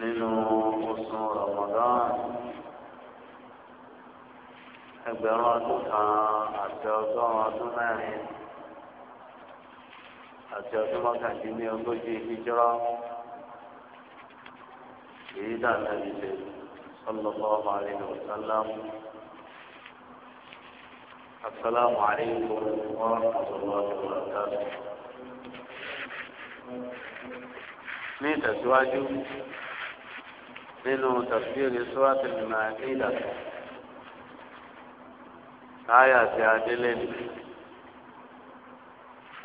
nínú oṣù Ramadan ẹgbẹ̀rún ọdún kan àti ọgọ́rùn ọdún mẹ́rin àti ọdún mọ́kàndínlẹ́ ogójì ìjírọ́ èyí dàgbà ìṣe sallallahu alaihi wasallam. السلام عليكم ورحمة الله وبركاته ní ìtẹ̀síwájú nínú tafsiri sọ́wọ́tì nàìjíríà áyà ti adélé ni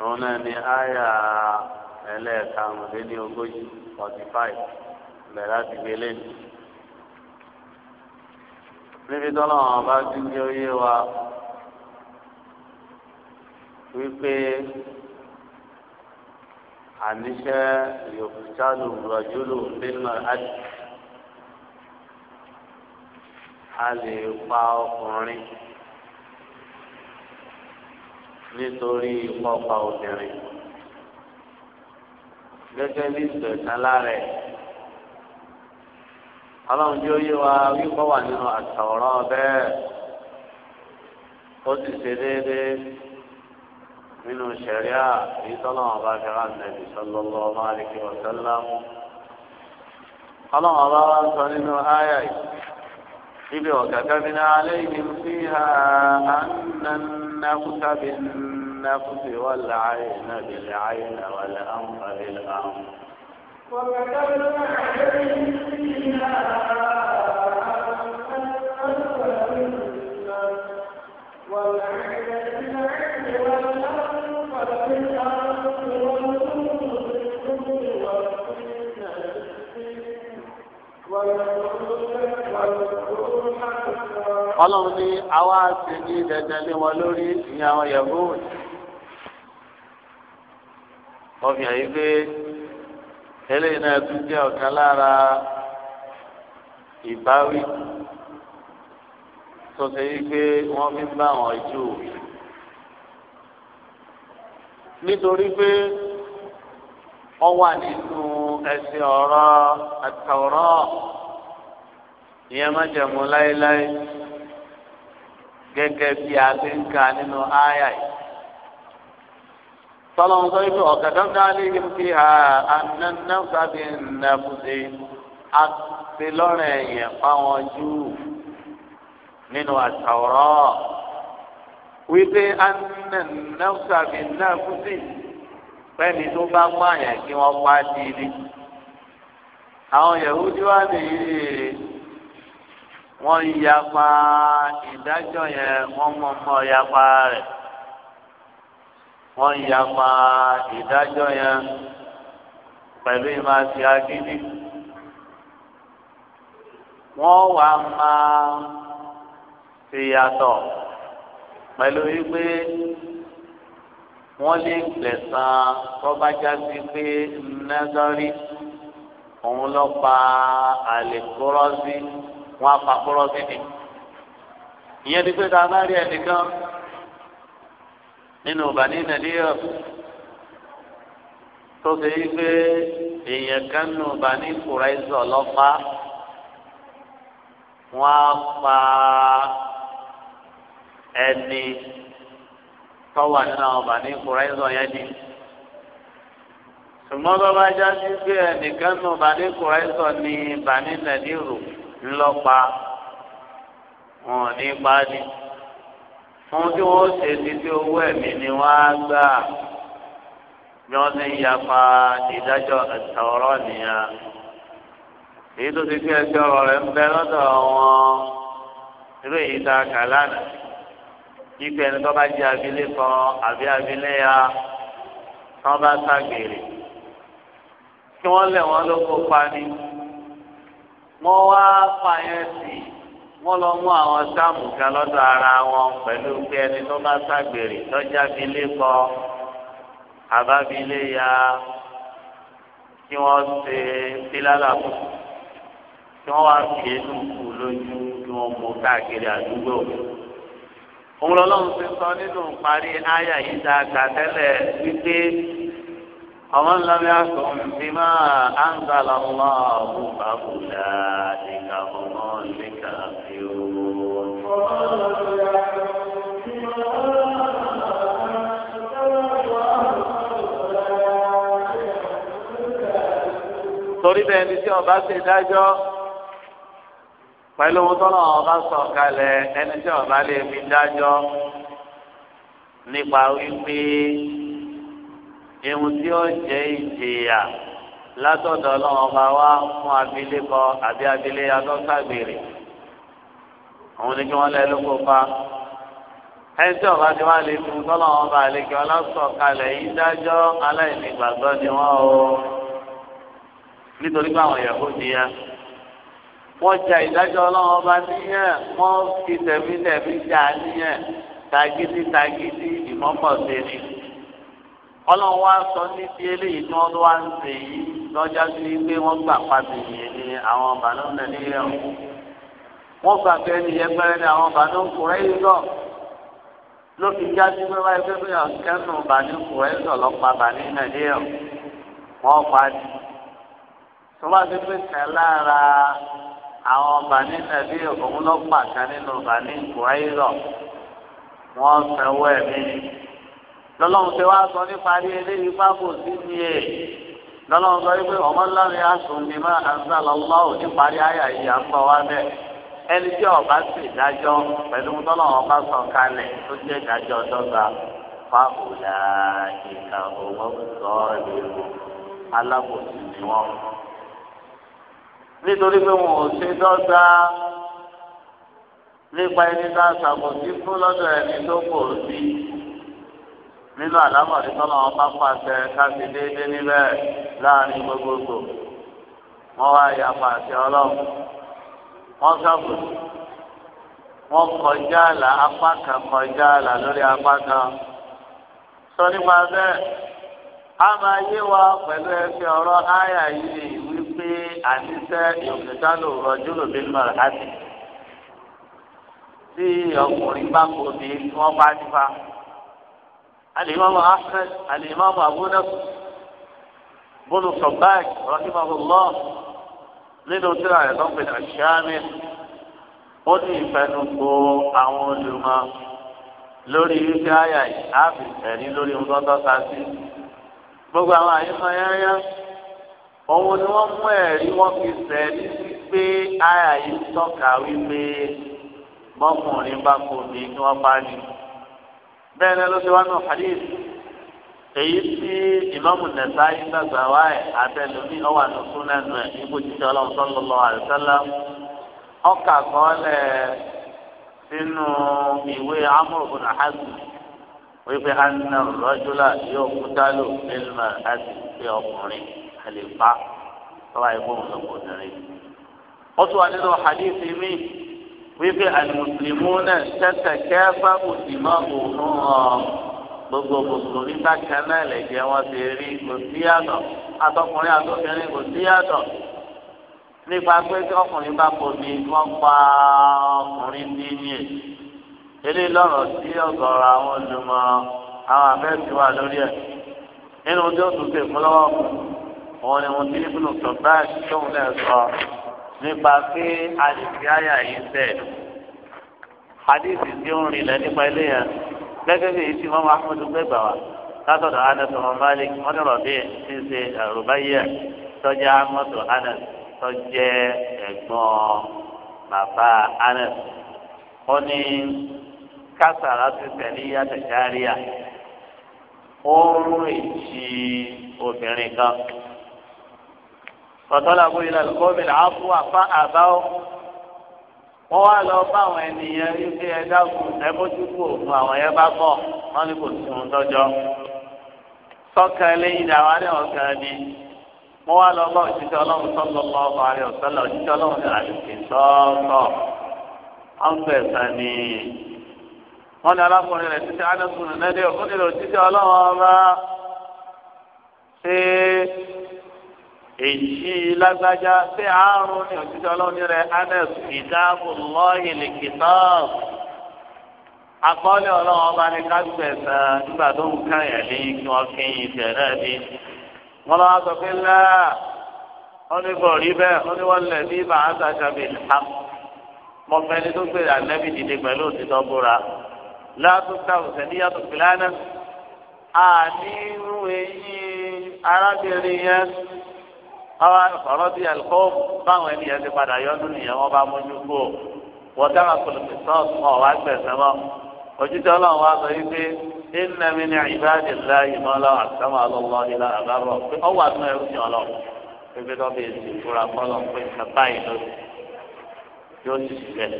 òun náà ni áyà ẹlẹ́ẹ̀karùnléní ogójì forty five bẹ̀rẹ̀ láti gbélé ni. níbi tọ́lá wọn bá dúró yé wa wípé àníṣe yòókùtálù rọ̀júlù bímọ àti a lè pa ọkùnrin nítorí pọ́pa obìnrin gẹ́gẹ́ bí ìgbẹ̀sán lára ẹ̀ ọlọ́run tí ó yé wa wípọ́ wà nínú àtọ̀rọ̀ bẹ́ẹ̀ ó sì ṣe déédéé nínú sẹ̀ríà èyí tọ́lọ́ ọba ṣẹlá nàbì sọlọ́lọ́ ọba àdìkí ọ̀sẹ́lá mú. ọlọ́run ọba wa ń sọ nínú àyà yìí níbi ọ̀gàgà bí náà lẹ́yìn fi hà ánànàkúta bí nàkúta wà láàyè náà bí láàyè náà wà láàmú àbí láàmú. وكتبنا عليهم فيها ọlọ́run ní àwa ṣe ní dandan lé wọn lórí ìyẹn àwọn yahoo wọ́n fi hàn yí pé eléyìí náà tún jẹ́ ọ̀kan lára ìbáwí tó ṣe yí pé wọ́n fi ń bá wọn jù nítorí pé wọ́n wà nínú ẹsẹ̀ ọ̀rọ̀ àtàwọ̀rọ̀ ìyẹn má jẹ̀mú láéláé gẹ́gẹ́ bí a ti ń kà nínú àyà yìí. Tọ́lọ́mù sọ wípé ọ̀kadà dálé yìí fi hà ànánáfàbí nàbùdé àti lọ́rọ̀ ẹ̀yẹ̀ fáwọn Júù nínú àtàwọ̀rọ̀ wípé ànánáfàbí nàbùdé pẹ́ni tó bá pààyàn kí wọ́n pa sí ilé. àwọn yahudi wá nìyí wọ́n yapa ìdájọ́ yẹn wọ́n mọ̀ọ́mọ́ yapa rẹ̀ wọ́n yapa ìdájọ́ yẹn pẹ̀lú ìmáṣe agídí wọ́n wà máa ṣèyàtọ̀ pẹ̀lú wípé wọ́n lè gbẹ̀sán tọ́bajá sí pé nẹ́sọ́rí òun lọ pa àlè kúrọ́sí wọ́n á pa kúrọ́sí ni. ìyẹn ni pé tá a bá rí ẹnìkan nínú bani nàdíyà tó ṣe yí pé èèyàn kan nù bani kùráìsọ̀ lọ́pàá wọ́n á pa ẹni tọ́wà nínú àwọn bàní kùrẹ́sọ̀ yẹn ni. ṣùgbọ́n tó bá já sí pé ẹnìkan nù bàní kùrẹ́sọ̀ ni bàní nàdírù ńlọ́pa wọn ní pàdé. fún tí wọ́n ṣe títí owó ẹ̀mí ni wọ́n á gbà bí wọ́n ti ń yapa ìdájọ́ ẹ̀tọ́rọ́ nìyẹn. èyí tó ti fi ẹgbẹ́ ọ̀rọ̀ rẹ̀ ń bẹ lọ́dọ̀ wọn irú èyí tá a ife ẹni tó bá jẹ abilé kan àbí abilé ya tó bá ṣàgbèrè kí wọn lé wọn ló kó pani wọn wá fàyẹn sí wọn lọ mú àwọn sáàmù kan lọ́dọ̀ ara wọn pẹ̀lú pé ẹni tó bá ṣàgbèrè lọjà abilé kan àbábilé ya kí wọn ṣe bílálà fún kí wọn wá fi inú kù lójú kí wọn mú káàkiri àdúgbò òun lọ́lọ́run ti sọ nínú parí àyà yìí tá a kà tẹ́lẹ̀ wípé àwọn ńlá bí asùn ti máa àǹtà lọ́wọ́ ọ̀hún bàbùdà nìkà ọmọ nìkà fi owó. torí bẹ́ẹ̀ ni tí ọba ṣe dájọ́ pẹ̀lú owó tọ́lọ́ ọba sọ kalẹ̀ ẹni tí ọba lè fi dájọ́ nípa wípé ewu tí ó jẹ́ ìjìyà látọ̀dọ̀ ọlọ́run ọba wa fún abilékọ àbí abilé adọ́sàgbèrè òun ni kí wọ́n lẹ́ lóko pa ẹni tí ọba ti wá lè fi tọ́lọ́ ọba àlekè ọlọ́sọ̀ kalẹ̀ yìí dájọ́ aláìní gbàgbọ́ ni wọ́n o nítorí pé àwọn yẹ̀kú ti yẹn wọ́n ja ìdájọ́ ọlọ́run ọba níyẹn wọ́n fi tẹ̀mí tẹ̀mí jà níyẹn tagidi tagidi ìmọ̀mọ̀ sẹ́ni. ọlọ́run wa sọ níbi eléyìí tí wọ́n wá ń sè yí lọ́jà sí pé wọ́n gbà pàṣẹ yìí ní àwọn ọba náà lẹ́nu yẹn o. wọ́n gbà pé ẹni yẹn pẹ́rẹ́ ní àwọn ọba náà kúrẹ́ yìí lọ. ló fi já sí pé wáyé pé bóyá kẹ́nu ọba ní kúrẹ́ sọ̀ lọ́pàá ọba ní nàìjíríà wọ́n pa á di. tó bá ti pèsè àwọn bàní nàbí òun ló pàṣẹ nínú bàní kùráìlọ wọn sanwó ẹ̀mí ni lọ́lọ́run ṣe wá sọ nípa rí eléyìí fáfò sí ni è e. lọ́lọ́run sọ wípé ọmọlárin àsùn ni máa àǹsà lọ́lọ́ ò ní parí àyà yìí à ń bọ̀ wá bẹ́ẹ̀ ẹni tí ọba sì dájọ́ pẹ̀lú tọ́lọ́run ọba sọ kalẹ̀ tó jẹ́ ìdájọ́ dọ́gba fáfò là ìkà òwò sọ ọ́ ìlú alábòsí ni wọ́n nítorí pé wọn ò ṣe dọ́gba nípa ẹni tá a ṣàkóso fún lọ́dọ̀ ẹni tó kò sí nínú àlámọ̀rí tọ́lọ́ wọn bá pàṣẹ káṣí déédéé níbẹ̀ láàrin gbogbogbò wọ́n wá ya pàṣẹ ọlọ́run wọ́n ṣàkóso wọ́n kọjá àlà apá kan kọjá àlà lórí apá kan sọ nípa bẹ́ẹ̀ a máa yé wa pẹ̀lú ẹsẹ̀ ọ̀rọ̀ áyà yìí pé àtisẹ́ ìòkìtánù rọ̀jú lòdì mọ̀ràn láti tí ọkùnrin bá kó bí wọ́n bá nípa. الإمام أحمد الإمام أبو نصر بن صباك رحمه الله nínú tíra rẹ̀ tó ń pè ní àṣàmì ó ní ìfẹnukò àwọn olùmọ̀ lórí wípé àyà yìí á fi lórí ohun tó sí gbogbo àwọn àyíká yányá òun ni wọ́n mú ẹ̀rí wọ́n fi sẹ́ẹ̀rí sí pé àyà yìí tọ́ka wípé bọ́kùnrin bá kò ní kí wọ́n bá ní. bẹ́ẹ̀ ni ló ṣe wá hadith èyí tí ìmáàmù nẹ̀sá yìí gbàgbà wá ẹ̀ ẹ̀ ọlọ́run ọkà kan lẹ̀ sínú ìwé wípé yóò àlè pa tọ́wá ẹ̀kọ́ òun lọ́kọ̀ obìnrin. wọ́n tún wà nínú hadithi mi wípé àlùmùsùlùmù náà tẹ́tẹ̀ kẹfà mùsùlùmá òun hàn gbogbo mùsùlùmí bákan náà lẹ̀jẹ̀ wọn ti rí kò sí yàtọ̀ àtọkùnrin àtọkùnrin kò sí yàtọ̀ nípa pé tí ọkùnrin bá pọ̀ ní wọ́n pa ọkùnrin ní ní ẹ̀ eléyìí lọ́rọ̀ sí ọ̀gọ̀rọ̀ àwọn olùmọ̀ àwọn àfẹ́sí wa lórí ẹ̀ nínú tí ó tún ṣe fún lọ́wọ́ fún un òun ni wọn ti ní bínú sọ báyìí tóun náà sọ nípa pé àdìsí àyà yìí tẹ̀ àdìsí tí ó ń rìnlẹ̀ nípa ilé yẹn gẹ́gẹ́ bí èyí tí wọ́n máa fún un gbẹ́gbà wá látọ̀dọ̀ anas ọmọ malik wọ́n ní rọ̀bì tí ń ṣe rùbáyà tọ́jà mọ́tò anas tọ́jẹ́ ẹ̀gbọ́n bàbá anas ó ní kásàrà ti tẹ̀lé yàtọ̀ járíà ó rú èjì obìnrin kan ọ̀tọ́lá bóyá ìlànà gómìn àfọ àfa àbáwọ̀ wọ́n wá lọ bá àwọn ènìyàn ilé ẹ̀dá kù ẹ̀bójúkú òfin àwọn yẹn bá bọ̀ wọ́n ní kò sí ohun tọ́jọ́ sọ́kà eléyìí ni àwọn àdéhùn kan ni wọ́n wá lọ bá òṣìṣẹ́ ọlọ́run sọ́kọ̀ lọ́ ọkọ̀ àrẹ ọ̀sọ́lá òṣìṣẹ́ ọlọ́run ní àdùkè sọ́ọ̀tọ̀ ọ̀nfẹ̀sán ni wọ́n ní alákùnrin rẹ̀ títí adékùnrin náà dé òkú nílò òṣìṣẹ́ ọba ṣe èyí lágbájá ṣé àárún ní òṣìṣẹ́ ọlọ́run rẹ̀ anes ìdáàbò lọ́yìn lè kìtọ́ akọ́lẹ̀ ọlọ́run ọba ní kágbẹ̀sẹ̀ nígbà tó ń káyà ní kí wọ́n fi yin tẹ̀ náà ní. wọ́n lọ́wọ́ sọ pé ńlá wọ́n ní kò rí bẹ́ẹ̀ wọ́n ní wọ́n lẹ̀ ní ibà àtàkàbí ìlà mọ fẹ́ni tó gbé ànábì dìde pẹ̀lú òtítọ́ búra látúntà àwọn ọ̀rọ̀ bíi alikọ́ọ̀mù báwọn ẹni yẹn ti padà yọdún nìyẹn wọn bá mójú kú o wọ́n dára kòlòkì sọ́ọ̀tù wọn wá gbẹ̀sẹ̀ mọ́ òjijì ọlọ́run wá sọ yìí pé iná mi ní ìbáàdì ńlá ìmọ̀lá àtàwọn alọ́lọ́ ìlà àbárọ̀ pé ọ wà nínú ẹrú yàn pépé tó bí èsì ìfura kọ́lọ̀ pé kàtá ìlú yóò ti ṣiṣẹ́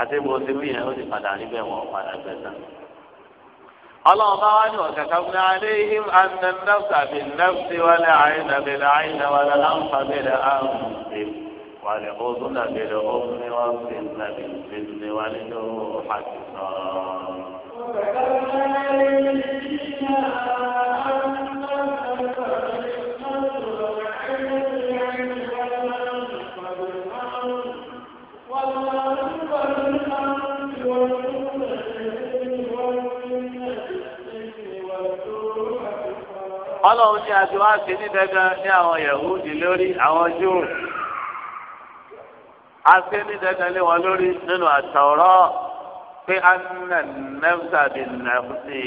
àti bó ti wí ó ti padà níbẹ̀ wọ́n padà gbẹ̀sẹ̀ الله وكتبنا عليهم أن النفس بالنفس والعين بالعين والأنف بالأنف والأذن بالأذن والسن بالسن والجروح كتاب. وكتبنا عليهم أن ọlọ́run ní àti wá sí ní dandan ní àwọn yahudi lórí àwọn júù a sí ní dandan lé wọn lórí nínú àtọ̀rọ̀ pé a nà nẹ́fúsà bí nẹ́fúsì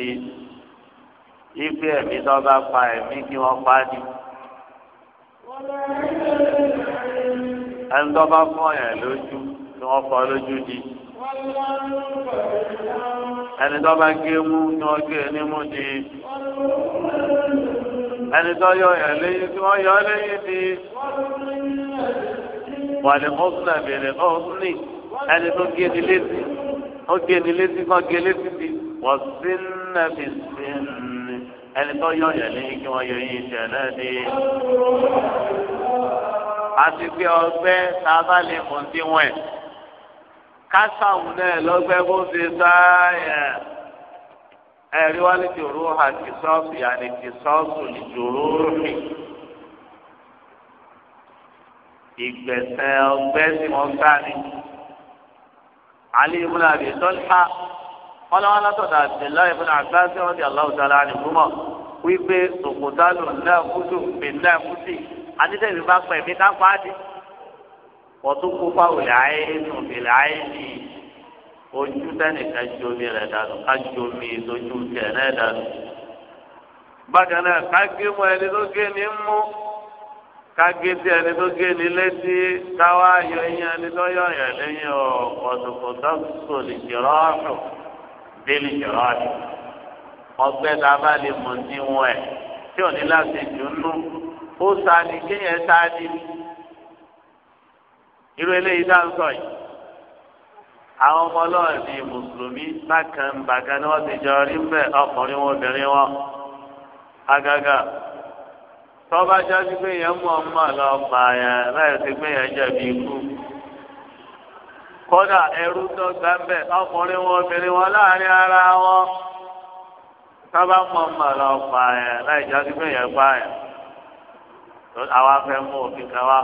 ife ẹ̀mí tó bá pa ẹ̀mí kí wọ́n pa ni. ẹni tó bá fọ́ yẹn lójú kí wọ́n fọ́ lójú di ẹni tó bá gé mú kí wọ́n gé ní mú di ẹni tó yọ yẹn léyìn tí wọ́n yọ léyìn ni wà ní mọ́sùlẹ̀ bèrè mọ́sùlì ẹni tó gé ni létí ó gé ni létí kan gé létí bi wọ́n sí nàbì sí ni ẹni tó yọ yẹn léyìn kí wọ́n yọ yẹn jẹ náà ni. àti pé ọgbẹ́ tá a bá lè mọ̀ sí wọn kásáwù náà lọ́gbẹ́ bó ṣe sáà ẹ̀rí wá ní jòrò ha ti sọ́ọ̀sì àti ti sọ́ọ̀sì ní jòrò rìn. ìgbẹ̀sẹ̀ ọgbẹ́ tí wọ́n gbá ni. Ali ibn Abi Talha wọn lọ́wọ́ látọ̀dọ̀ Abdullahi ibn Abbas radi Allahu ta'ala anhuma wípé òkúta lò náà kúdù pè náà kúdì anítẹ̀bí bá pẹ̀mí ká pàdé. wọ́n tún kó fáwọn ayé nù ilẹ̀ ayé nìyí ojú sẹ́nìkan ju omi rẹ̀ dànù ká ju omi ìtọ́jú tẹ̀ náà dànù. bákan náà ká gé mọ ẹni tó gé ní mú ká gé tí ẹni tó gé ní létí káwá yọ eyín ẹni tó yọ yàn lẹ́yìn ọ̀dùnkùn tó lè jọ̀rọ̀ ọ̀sùn dé lè jọ̀rọ̀ ọgbẹ́ tá bá lè mọ̀ sí wọn ẹ̀ tí ò ní láti dùnú ó sa kéèyàn sá irú eléyìí dá ń sọ yìí àwọn ọmọ ọlọ́run ní mùsùlùmí bákan bàkan ni wọ́n ti jọ rí bẹ́ẹ̀ ọkùnrin wọn obìnrin wọn agaga tọ́ba jáde pé yẹn mú ọmọ lọ pa yẹn láì sí pé yẹn jẹ̀bi ikú kódà ẹrú tó gbàmbẹ ọkùnrin wọn obìnrin wọn láàrin ara wọn tọ́ba mú ọmọ lọ pa yẹn láì jáde pé yẹn pa yẹn àwa fẹ́ mú òfin kan wá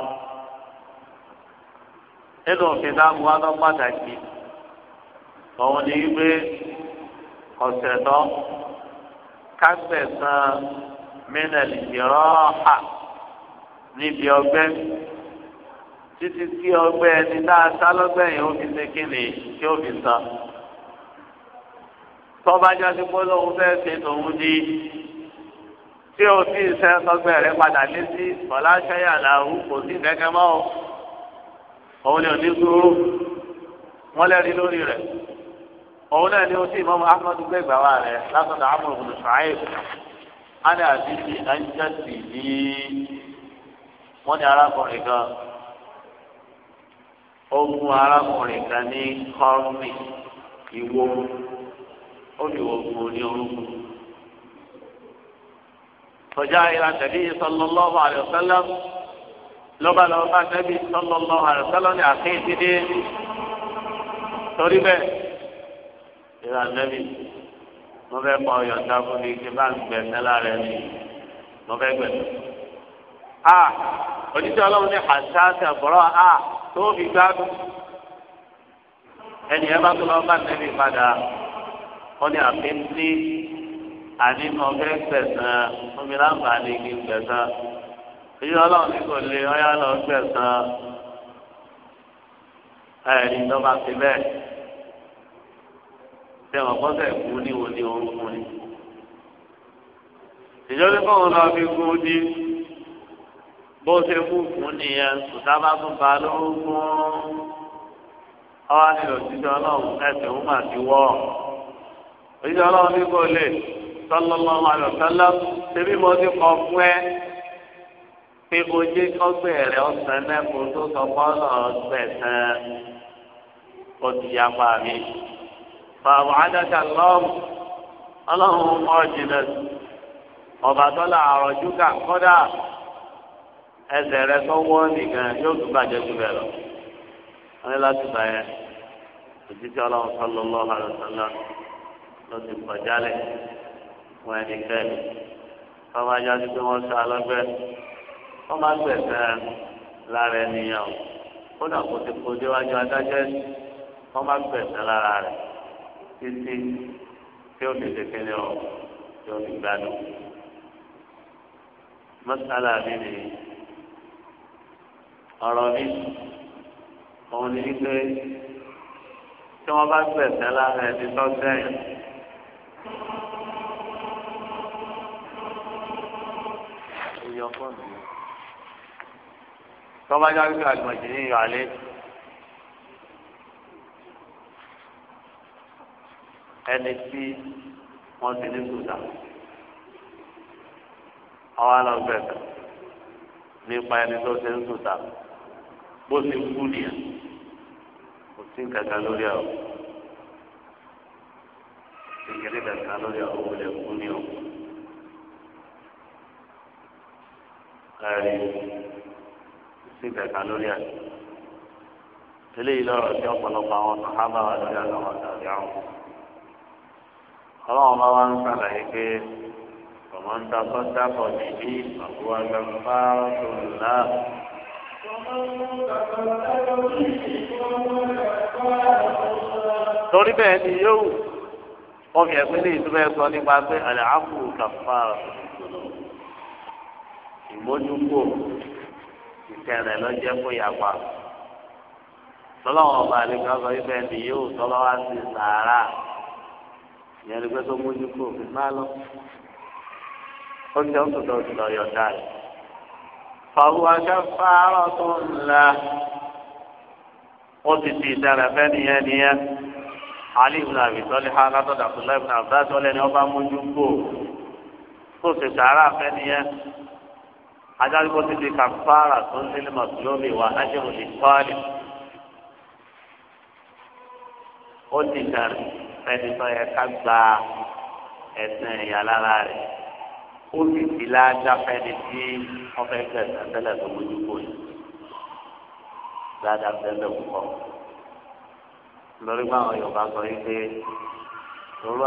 nínú òfin táwọn wá lọ pàtàkì òun ni wípé ọ̀sẹ̀ tó kásẹ̀ san mínàlì ìrọ́ọ̀hà níbi ọgbẹ́ títí tí ọgbẹ́ ẹni dáadáa lọ́gbẹ́ yẹn ó fi ṣe kí ni tí ó fi san tọ́ba jáde gbólóhùn fẹ́ ṣe tòun ní tí o ti ṣe sọgbẹ́ rẹ padà létí bọ́lá ṣẹ́yà làwù kò sí ìdẹ́kẹ́ mọ́ o òun ni ò ní dúró wọ́n lẹ́rìí lórí rẹ̀ òun náà ni ó sì mọ́mọ́ ahmed gbẹ̀gbà wa rẹ̀ látọ̀dọ̀ amúlò bùnú ṣááyìí ana àbíbi anjẹ́sì ní wọ́n ní arákùnrin kan ó mú arákùnrin kan ní kọ́ọ̀mì ìwo ó ní oògùn ní orúkú. tọ́jà ìlà tẹ̀lé sallallahu alaihi wasallam lọ́ba lọ́ba tẹ̀lé sallallahu alaihi ní àkéyìí dé torí bẹ́ẹ̀ ìlà nẹ́bì mo fẹ́ kọ́ yọ̀ǹda fún mi kí n bá gbẹ̀sẹ̀ lára ẹni mo fẹ́ gbẹ̀sẹ̀. a oníṣẹ́ ọlọ́run ní àṣàṣe àbọ̀rọ̀ a tó fi gbádùn ẹni ẹ bá tó lọ́ọ́ bá nẹ́bì padà wọ́n ní àfi ń àní mo fẹ́ gbẹ̀sán fún láǹfààní kí n gbẹ̀sán. ìṣẹ́ ọlọ́run ní kò lè ọyá lọ gbẹ̀sán ẹ̀rí lọ́ba fi bẹ́ẹ̀ tẹ̀wọ̀n kọ́sẹ̀ kú ní òní orúkún ni. ìjọba kọ́ wọn lọ fi kú ní bó ṣe kú fún nìyẹn sùtábà tún ba lórúkún ọwọ́ nílò títí ọlọ́run ẹsẹ̀ ó mà ti wọ́ òṣìṣẹ́ ọlọ́run ní kò lè sallallahu alaihi wasallam ṣebí mo ti kọ fún ẹ pé o jẹ ọgbẹ rẹ ọsàn náà kó tó sọ fọlọ ọgbẹ tán o ti yá pa mi fàwọn àdàkà lọ́wọ́ ọlọ́run mọ́ jìnnà ọba tó là àrọ̀jú kà kọ́dà ẹsẹ̀ rẹ tó wọ́ nìkan yóò tún bàjẹ́ jù bẹ́ẹ̀ lọ. wọ́n ní láti bá yẹn òjijì ọlọ́run sọ́lọ́ lọ́wọ́ àlọ́sọ́lá ló ti pọ̀ jálẹ̀ fún ẹnikẹ́ni fọwọ́ ajá sí pé wọ́n sọ alọ́gbẹ́ wọ́n máa gbẹ̀sẹ̀ lára ènìyàn kódà kó ti kó déwájú adájọ́ wọ́n máa gbẹ̀sẹ̀ lára rẹ̀ títí tí ó ti tẹ̀kẹ́lẹ́ ọ tí ó ti gbádùn. mọ́sálà mi ni ọ̀rọ̀ mi òun ni pé tí wọ́n bá gbẹ̀sẹ̀ lára ẹni tó sẹ́yìn. tọ́ba jáde àgbọ̀njì ní ìyọ̀ àlẹ́. ẹni tí wọ́n ti ní sùdà àwọn alọ́gbẹ̀ẹ́ kan nípa ẹni tó ti ń sùdà bó ti kú nìyẹn kò sí kankan lórí ọ kékeré kankan lórí ọ kò lè kú ní ọ. ẹ̀rí sí kankan lórí ẹ̀ eléyìí lọ́rọ̀ sí ọ̀pọ̀lọpọ̀ àwọn sàhábà wà lórí àwọn ọ̀dọ́ àti àwọn ọlọ́run bá wá ń sàlàyé pé ọmọ ń ta sọ́jà pọ̀ níbí àbúwá gbàgbá tó ń lá. torí bẹ́ẹ̀ ni yóò wọ́n fi ẹ̀pẹ́ lè tó bẹ́ẹ̀ sọ nípa pé àlẹ́ àpò kàfà ìmójúkò ìtẹ̀rẹ̀ lọ́jẹ́ fún yàgbà tọ́lọ́wọ́n ọba àlekọ́ sọ ibẹ̀ ni yóò tọ́lọ́wọ́ sí sàárà ìyẹn ló gbé tó mójú kó òfin máa lọ ó jẹ́ ń tòtò òtún lọ́ọ́ yọ̀ọ̀dá rẹ̀. fàwọn akẹ́fà àárọ̀ tó ń la ó ti di ìdára fẹ́ nìyẹn nìyẹn ali ibn abi ha látọ̀dọ̀ abdullahi ibn abdullahi ni wọ́n bá mójú kó tó ṣe sàárà fẹ́ nìyẹn adájọ́ kó ti di kàfàrà tó ń sílẹ̀ mọ̀tòlómi wà ájẹ́wò lè tọ́lẹ̀ ó ti dàrú fẹ́ni tó yẹ ká gba ẹ̀sìn ẹ̀yà lára rẹ̀ ó sì ti láàdá fẹ́ni tí wọ́n fẹ́ gbẹ̀sán tẹ́lẹ̀ tó mójú kò yìí láàdá tẹ́lẹ̀ púpọ̀ lórí báwọn Yorùbá sọ yìí pé lórí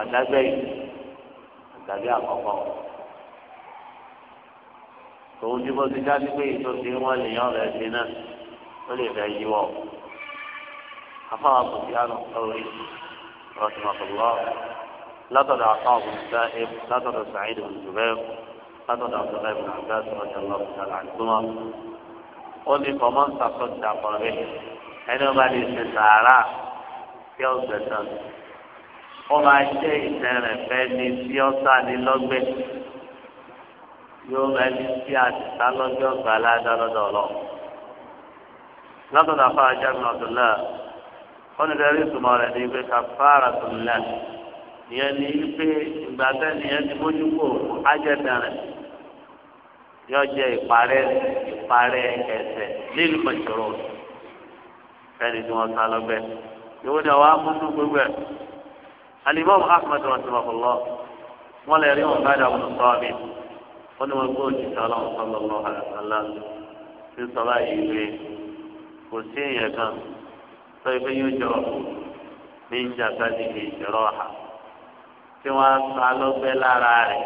àdágbẹ́ yìí àgbàdo àkọ́kọ́ tòun tí mo ti dájú pé ìtòsí wọn lè yan rẹ̀ sí náà ó lè fẹ́ yíwọ́ afáwọn kò sí àrùn kọ́rin. رحمه الله لقد أعطاه السائب لقد سعيد بن جبير لقد عبد الله بن عباس رضي الله تعالى عنهما قل لي فمن تصدق به ẹnu bá lè ṣe sàárà tí ó gbẹ̀sán ó máa ṣe ìtẹ̀rẹ̀ fẹ́ ni tí ó sáni lọ́gbẹ́ yóò máa ní tí àtìsá lọ́gbẹ́ ọ̀gbà aládàá lọ́dọ̀ ọlọ́ lọ́dọ̀ nàfà ajá mi ọ̀dọ̀ náà wọ́n ní sẹ́rí sùmọ́ rẹ̀ ní pé kàfàrà tó lẹ̀ ìyẹn ní pé ìgbà sẹ́ni yẹn ti mójú kó ájẹ̀dẹ̀ rẹ̀ yóò jẹ́ ìparẹ́ ìparẹ́ ẹsẹ̀ lílu pẹ̀tùrọ̀ ẹni tí wọ́n sá lọ́gbẹ́ ìwé ni àwọn amúnú gbogbo ẹ̀ alimọ́mù ahmed rahimahulọ́ wọ́n lè rí wọn báyìí àwọn sọ́ọ̀bì wọ́n ní wọn gbé òjijì ọlọ́run sọ́yìn pé yóò jọ bí ń jà sáàdì kì í jọrọ ha tí wọ́n á sa lọ́gbẹ́ lára rẹ̀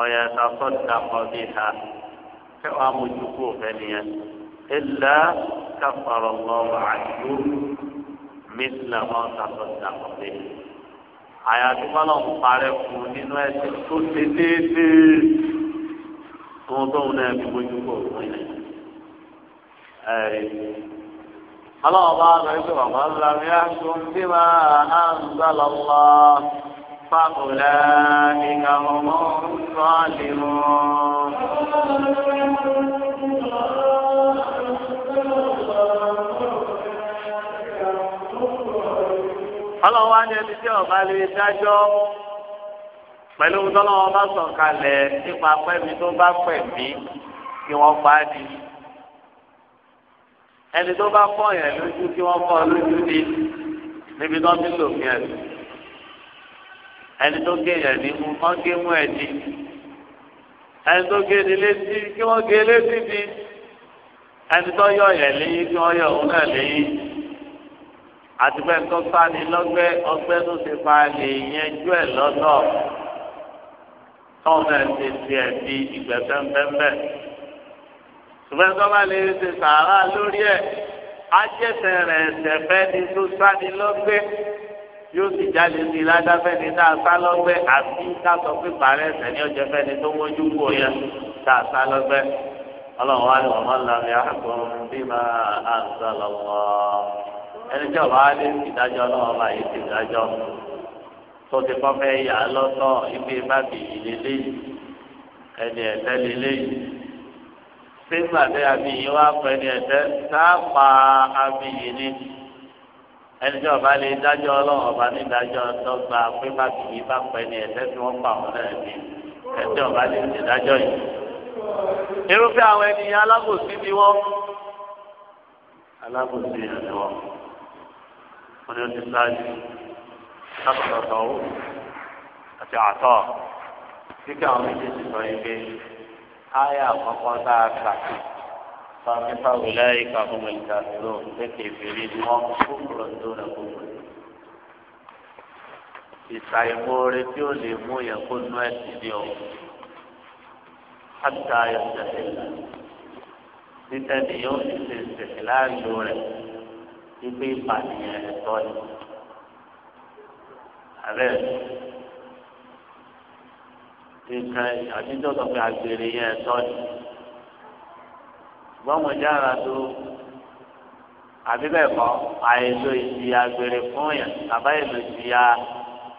ọ̀yà ìtàkọ́ ìtàkọ́ bí ha kí wọ́n á mójú kú òfẹ́ nìyẹn. إلا كفر الله عنه مثل ما تصدق به àyàtí bọ́lá ń parẹ́ fún nínú ẹsẹ̀ tó ṣe déédéé tó ń tóun náà fi bójú kó fún yẹn ọlọ́run bá lọ sí wàhálà lámì àṣùn bí máa ń bá lọ lọ fàkùlẹ̀ ìgbà ọmọ nǹkan lè mú. ọlọ́run wá ní ẹni tí ọba lè dájọ́ pẹ̀lú tọ́lọ́wọ́ bá sọ̀kalẹ̀ nípa pẹ̀mí tó bá pẹ̀mí kí wọ́n pa á di ẹni tó bá kọ́ yẹn lójú kí wọ́n kọ́ lójú ni níbi tó ti lò fi ẹ̀sìn ẹni tó gé yẹn ní mú wọ́n gé mú ẹ̀ ní ẹni tó gé ní létí kí wọ́n gé létí ni ẹni tó yọ yẹn léyìn kí wọ́n yọ òun náà léyìn àtìgbẹ́ tó sáni lọ́gbẹ́ ọgbẹ́ tó ti pa lè yẹn jú ẹ̀ lọ́dọ̀ tọ́ọ̀mù ẹ̀ ti tiẹ̀ di ìgbẹ́ pẹ́ńpẹ́ńpẹ́ ṣùgbọ́n tó bá lè ṣe sàárà lórí ẹ̀ ajẹ́sẹ̀ rẹ̀ ṣẹ̀fẹ́ ni tó sáni lọ́gbẹ́ yóò sì jáde sí ládàfẹ́ ni tá a sá lọ́gbẹ́ àbí ká sọ pé pàrẹ́ ẹ̀sẹ̀ ní ọjọ́ fẹ́ ni tó mójú kò yẹn tá a sá lọ́gbẹ́ ọlọ́run wa ni wọ́n máa ń lọ rí àkùn bí máa àǹsà lọ́wọ́ ẹni tí ọba alẹ́ ìdájọ́ ọlọ́run bá yìí ti dájọ́ tó ti kọ́ fẹ́ yà á lọ́tọ̀ ibi má bì í ẹni ẹ̀tẹ́ sígbàdé abiyin wá pẹ̀lú ẹ̀tẹ́ sáàpà abiyin ni ẹni tí ọba lè dájọ́ ọlọ́run ọba ní ìdájọ́ dọ́gba pé bàbíyí bá pẹ̀lú ẹ̀tẹ́ tí wọ́n pa àwọn náà ní ẹ̀tẹ́ ọba lè ṣe dájọ́ yìí. irúfẹ́ àwọn ènìyàn alábòsí ni wọ́n alábòsí yẹn ni wọ́n wọ́n ní ó ti sáájú sábàtọ̀tọ̀ àti àtọ̀ kíkẹ́ àwọn méjèèjì sọ yìí pé aya àkọ́kọ́ tá a kà fàmí fàwùlẹ́ ìkà fún ìkà ló tètè fèrè ni wọ́n kúkúrò tó rẹ̀ kúkúrò. ìsàìmóore tí ó lè mú yẹn kó nú ẹ̀sìn ni ọ àtà ẹ̀sẹ̀ nǹkan àtijọ́ sọ pé àgbèrè yẹn ẹ̀tọ́ ni ṣùgbọ́n mo jára tó àbí bẹ́ẹ̀ kọ́ àìlò ìjìyà àgbèrè fún yẹn bàbá ìlò ìjìyà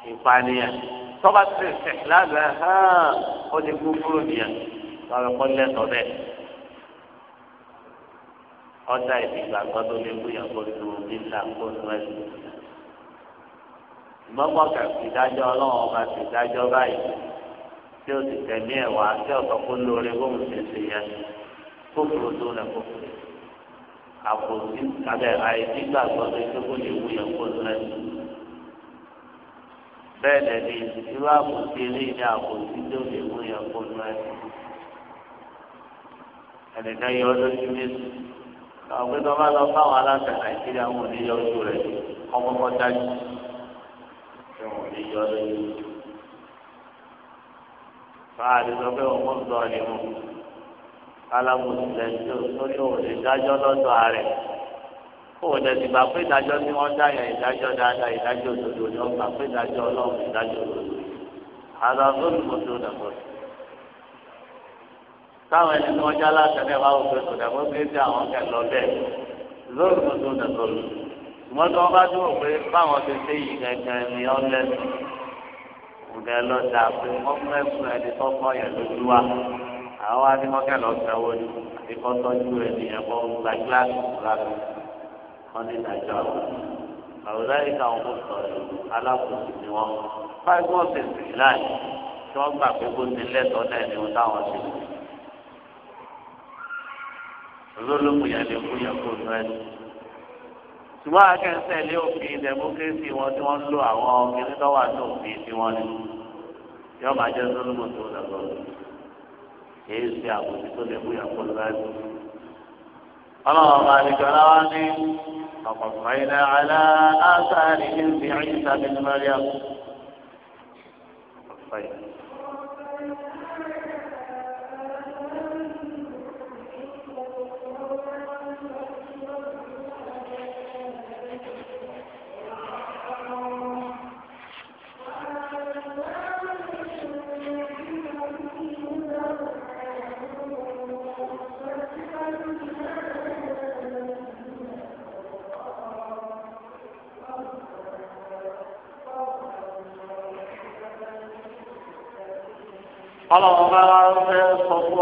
ìpànìyàn tọ́ba ti sẹ̀ lábẹ́ hàn ó ti kú kúrò nìyẹn lọ́wọ́ kọ́ lẹ́tọ̀ọ́ bẹ́ẹ̀ ọ̀dà ìdìgbàgbọ́ tó lé wúyà kó lu nílà kó lu ẹ̀sìn ìgbọ́kọ̀ kàfi ìdájọ́ ọlọ́run ọba ti dájọ́ báyìí tí ó ti tẹ̀mí ẹ̀ wá tí ọ̀sán kó lóore bóun ṣe ṣe yẹn kófòrò tó lẹ kófòrò àpòtí abẹ àìsí gbàgbọ́ tó ṣe kó lè wú yẹn kó lẹ. bẹ́ẹ̀ lẹ́ni irú àpòtí eléyìí ni àpòtí tó lè wú yẹn kó lẹ. ẹnìkan yọ ọdún méjì àwọn pé tọ́ba lọ fáwọn aláṣẹ nàìjíríà wọn ò ní yọ ojú rẹ̀ ọkọ̀ dájú wọn ò ní yọ ọdún yìí fàáàdì sọ pé òun ń sọ ni mu kálámùsì lẹ́yìn tó sórí òun lè dájọ́ lọ́dọ̀ ààrẹ òun lè ti gbà pé ìdájọ́ tí wọ́n dá yẹn ìdájọ́ dáadáa ìdájọ́ òdodo ni wọ́n gbà pé ìdájọ́ ọlọ́run ìdájọ́ òdodo àlọ́ lólùmọ́tò nàbọ̀ táwọn ẹni tí wọ́n já látẹ̀lé wa òfin kò dàgbọ́ pé tí àwọn kẹ̀ lọ bẹ́ẹ̀ lólùmọ́tò nàbọ̀ ṣùgbọ́n tí wọ́n bá dúró pé báwọn ti ọ̀gá ẹlọ́dà pé wọ́n fún ẹ̀kún ẹni tó kọ́ yẹn lójú wa àwọn adékọ́kẹ́ lọ sọ wọ́n ní àdékọ́ tọ́jú rẹ̀ ní ẹ̀kọ́ gba gíláàsì gíláàsì wọn ní ìdájọ́ àwọn àwòrán yìí káwọn kò sọ alákòóso ni wọn fáìlì wọn láàyè tí wọn gbà pé bó ti lẹ́tọ̀ọ́ náà ni wọn táwọn ṣe lò olólùmù yẹn lè kó nù ẹni ṣùgbọ́n akẹ́sẹ̀ lé òfin democracy wọn tí wọ́n lo àwọn obìnrin tó wà ní òfin tí wọ́n ní yóò máa jẹ́ sọ́lọ́mù tó lọ́gọ́ èyí ṣe àbòsí tó lè bóyá kó lọ́wọ́ ọlọ́run ọba àdìgbọ́lá wa ní ọ̀pọ̀pọ̀ ilẹ̀ alá ásáàrí ní ìsìn ìsàbí ní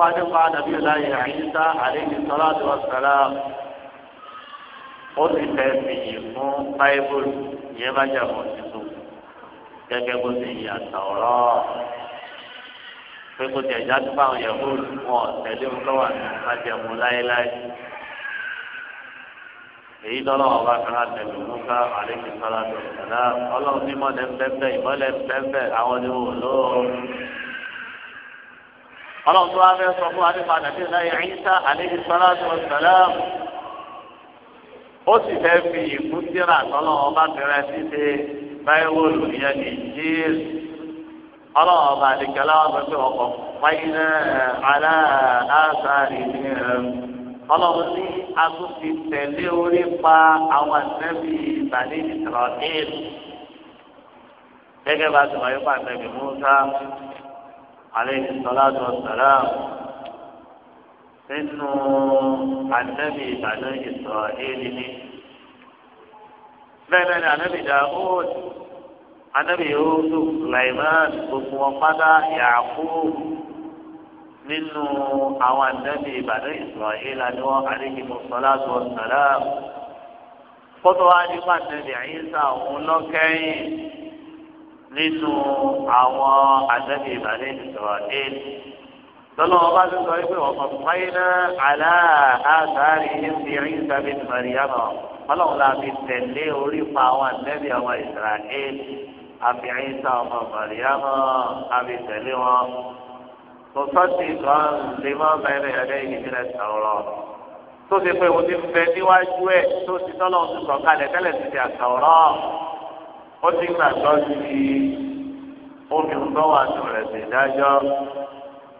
wa nípa nàbí láyé àyíká àlejò sọlá tó sọlá ó sì fẹ́ fìyì fún báíbùlù ìyẹn bá jà mọ́ títún gẹ́gẹ́ bó ti yà sọ̀rọ̀ pé kó tiẹ̀ já tó báwọn yẹ̀wò wọn tẹ̀lé wọn lọ́wọ́ àti májẹ̀mú láéláé èyí lọ́lọ́ ọba fẹ́ràn tẹ̀lé musa àlejò sọlá tó sọlá ọlọ́run mímọ́ lẹ́ńpẹ́ńpẹ́ ìmọ́lẹ̀ ńpẹ́ńpẹ́ àwọn ni wò lóòrùn ọlọ́run tó wá fẹ́ sọ fún adépa nàbí láyé ẹ̀yìnsá àlébi sọ́láṣọ sàlám ó sì fẹ́ fi ìkúndínlá tọ́lọ́ ọba bẹ̀rẹ̀ síse báyìí lùyẹn ní jíìs ọlọ́run ọba àdìgẹ́lá wọn pẹ̀lú ọkọ̀ wáyé náà alá àṣàrí ọlọ́run ní akúti tẹ̀lé orí pa àwọn àtẹ́bí ìbàdí ìtàlọ́ọ̀kì gẹ́gẹ́ bá a ti wáyé pàtẹ́bí عليه الصلاة والسلام nínú anabi ìbànú ìsọ̀rẹ́lì ni bẹ́ẹ̀ náà ni anabi dàbòd anabi yòówù sulaiman gbogbo wọn pátá yàkú nínú àwọn anabi ìbànú ìsọ̀rẹ́lì ni wọn àdéhìí mọ̀sálá tó sàlá kótó wá nípa anabi àyínsá òun lọ́kẹ́yìn nínú àwọn àtẹ́bí ìbàdí ìsọ̀rọ̀ ní tọ́lọ́wọ́ bá ti sọ pé wọ́n kàn fáyé náà aláàtàrí ní Ìsá bin Maryam ọlọ́run la fi tẹ̀lé orí pa àwọn àtẹ́bí àwọn Ísírẹ́lì àfi Ìsá ọmọ Maryam àfi tẹ̀lé wọn. tòṣọ́tì kan lè mọ́ bẹ́ẹ̀rẹ̀ ẹ̀rẹ́ ìdílé sọ̀rọ̀ tó ti pé mo ti fẹ́ níwájú ẹ̀ tó ti tọ́lọ́run ó ti gbàgbọ́ sí obìnrin tó wà tó rẹ̀ sí dájọ́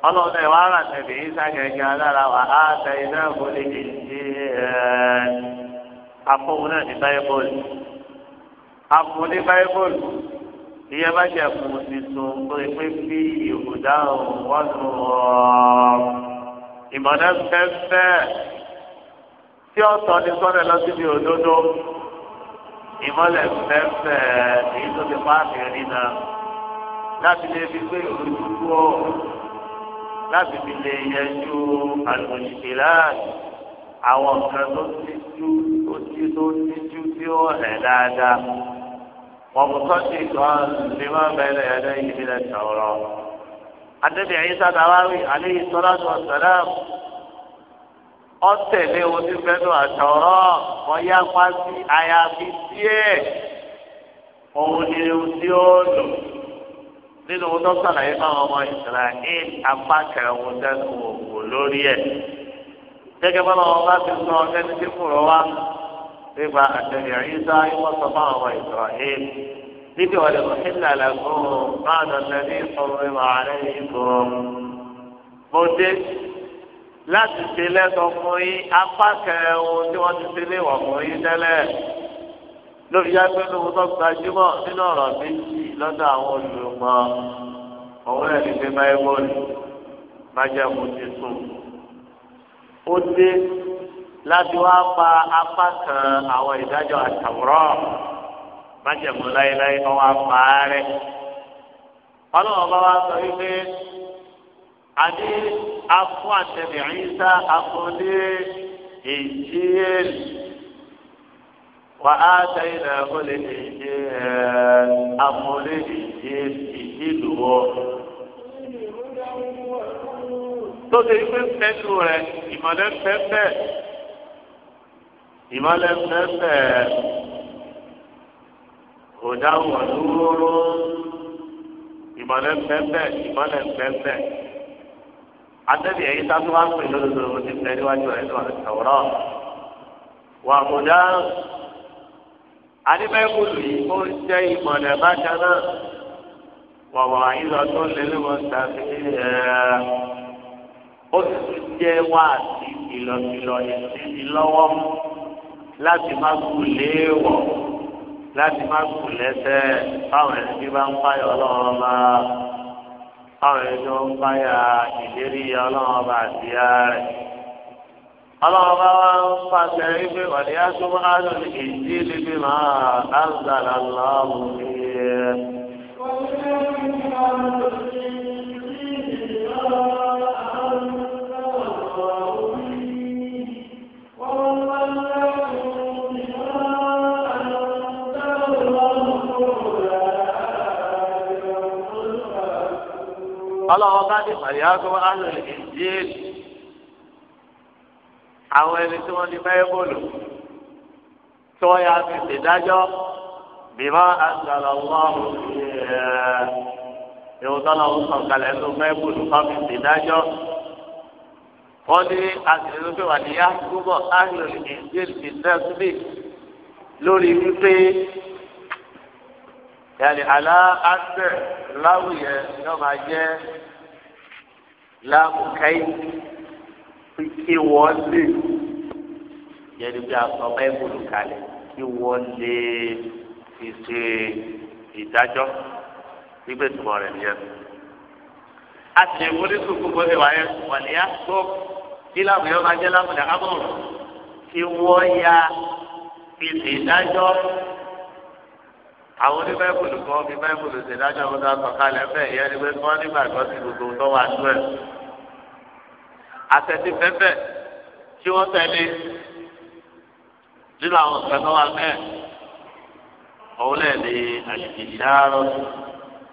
ọlọ́run ẹ̀ wá rà tẹ̀lé ìsàgẹ̀gẹ̀ alára wà á tẹ iná ìfọlẹ́ kejì ẹ̀ afọ́wọ́n náà ní báyìbọ́ọ̀lù afọ́wọ́n ní báyìbọ́ọ̀lù iye bá jẹ fún sísun tó pé bí ìhùdá wọn nù ọ́ ìmọ̀lẹ́ fẹ́fẹ́ tí ó ní sọ́dọ̀ lọ síbi òdodo ìmọ̀lẹ̀ fẹ́fẹ́ èyí tó ti pa àfihàn nínú láti lè fi gbé ìlú ọ láti fi lè yẹjú àlùmọ̀ṣìṣẹ́ láàyè àwọn kan tó ti ju tó ti tó ti ju tí ó hẹ̀ dáadáa wọ́n mú tọ́jú ìtàn ní máa bẹ̀rẹ̀ ẹ̀rẹ́ yìí nílẹ̀ sọ̀rọ̀ adébíyẹ̀ yìí sábà wá rí àléyìí sọ́lá sọ̀rọ̀ ọtẹlẹ onífẹnu àtọrọ ọyá pàṣẹ àyàfi díẹ̀ òun ni ohun tí ó lò nínú ohun tó sàlàyé fáwọn ọmọ Israel apá kẹrìnwó dẹnu òwò lórí ẹ gẹ́gẹ́ bọlá wọn bá ti sọ ẹni tí kúrò wá nípa àtẹlẹ ìṣá ìwọ̀n fáwọn ọmọ Israel níbi wọn lè mọ ìlà lẹkùn máa dọ̀tẹ̀ ní ìsọ̀rọ̀ ìmọ̀ àárẹ̀ yìí kúrò mo láti ṣe lẹ́tọ̀ fún yín apá kẹrin tí wọ́n ti ṣe léwọ̀ fún yín tẹ́lẹ̀ lórí yàgbé lówó tó gbajúmọ̀ nínú ọ̀rọ̀ méjì lọ́dọ̀ àwọn olùmọ̀ ọ̀hún ẹ̀ ní pé báyìbọ́ọ̀lù májàmú ti sùn. ó dé láti wá pa apá kan àwọn ìdájọ́ àtàwùrọ̀ májàmú láéláé ọwọ́ apá rẹ̀ ọlọ́wọ́ bá wá sọ wípé àti afọ àtẹ̀lé ẹ̀yìnsá afọlé ìjírí wà á sẹ́yìn náà afọlé ìjírí afọlé ìjírí lùwọ́. tó ṣe pé pẹ́ẹ́tù rẹ̀ ìmọ̀lẹ́ pẹ́ẹ́pẹ́ ìmọ̀lẹ́ pẹ́ẹ́pẹ́ kò dáhùn ọ̀dúnrún ìmọ̀lẹ́ pẹ́ẹ́pẹ́ àtẹ́bí ẹ̀yìn tá a tún wá ń pè lódodo ní tẹ̀síwájú rẹ̀ ní ọ̀rọ̀ wà kò dá adébẹ́kùlù yìí ó jẹ́ ìmọ̀lẹ̀ bákan náà wàwà ìlọ tó lé lọ́wọ́ tàbí ó sì tún jẹ́ wá àti ìlọ̀kìlọ̀ ìsinmi lọ́wọ́ láti má àwọn ẹjọ́ ń báyà ìlérí ọlọ́run ọba àtìyá rẹ̀. ọlọ́run ọba wa ń pàṣẹ wípé wàlẹ́ asọ́mọ́ àlọ́ ní ìdí lílé máa àǹzàlá lọ́wọ́ mi. ọlọ́wọ́ bá ní màlíyàgó alòlè ìdíyèlì àwọn ẹni tí wọ́n ní báyìbòlù tí wọ́n yà fi ṣèdájọ́ bímọ àgbàlọ́wọ́rù ìwọ tọ́lọ̀ ń sọ kalẹ̀ ní báyìbòlù kọ́ fi ṣèdájọ́ wọ́n ní àtìlẹ́sọ́fẹ́ wà ní yá gbogbo alòlè ìdíyèlì ti dẹ́sí lórí wípé yàrá àlá àtẹ láwù yẹn yóò máa jẹ láàmù káyì kí wọ́n lè yẹn ni bí a sọ báyìí kalẹ̀ kí wọ́n lè fi ṣe ìdájọ́ nígbà ìtumọ̀ rẹ̀ nìyẹn. a sì ń wọlé sùn gbogbo ìwà yẹn wà ní àtúntò kí láàmù yẹn máa jẹ láàmù kí wọ́n ya fi ṣe ìdájọ́ àwọn oní báyìbùlù kan fi báyìbùlù ṣèdájọ́ ọ̀hún náà sọ̀kalẹ̀ bẹ́ẹ̀ yẹn ni pé kí wọ́n nígbàgbọ́ sí gbogbo tó wà nú ẹ̀. àtẹ̀tí fẹ́fẹ́ tí wọ́n tẹ̀lé nínú àwọn ọ̀sán tó wà bẹ́ẹ̀ òun náà ni àṣìṣàárọ̀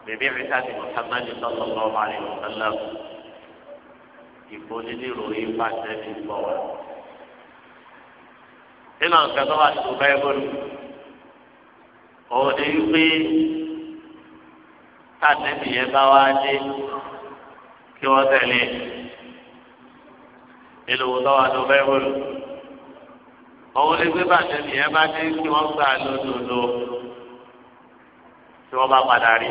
bèbí ìrìnsàtì mọ̀tàmánì lọ́sọ̀ lọ́wọ́ àlẹ́ ìfòdìdìròyìn bá tẹ̀lé ìgbọ̀ wá. nínú ọ̀sán tó wà òun ni wípé káàdébì yẹn bá wá dé kí wọ́n tẹ̀lé nínú lọ́wọ́ tó fẹ́ wọlé òun ni wípé káàdébì yẹn bá dé kí wọ́n gbà lódodo tí wọ́n bá padà rí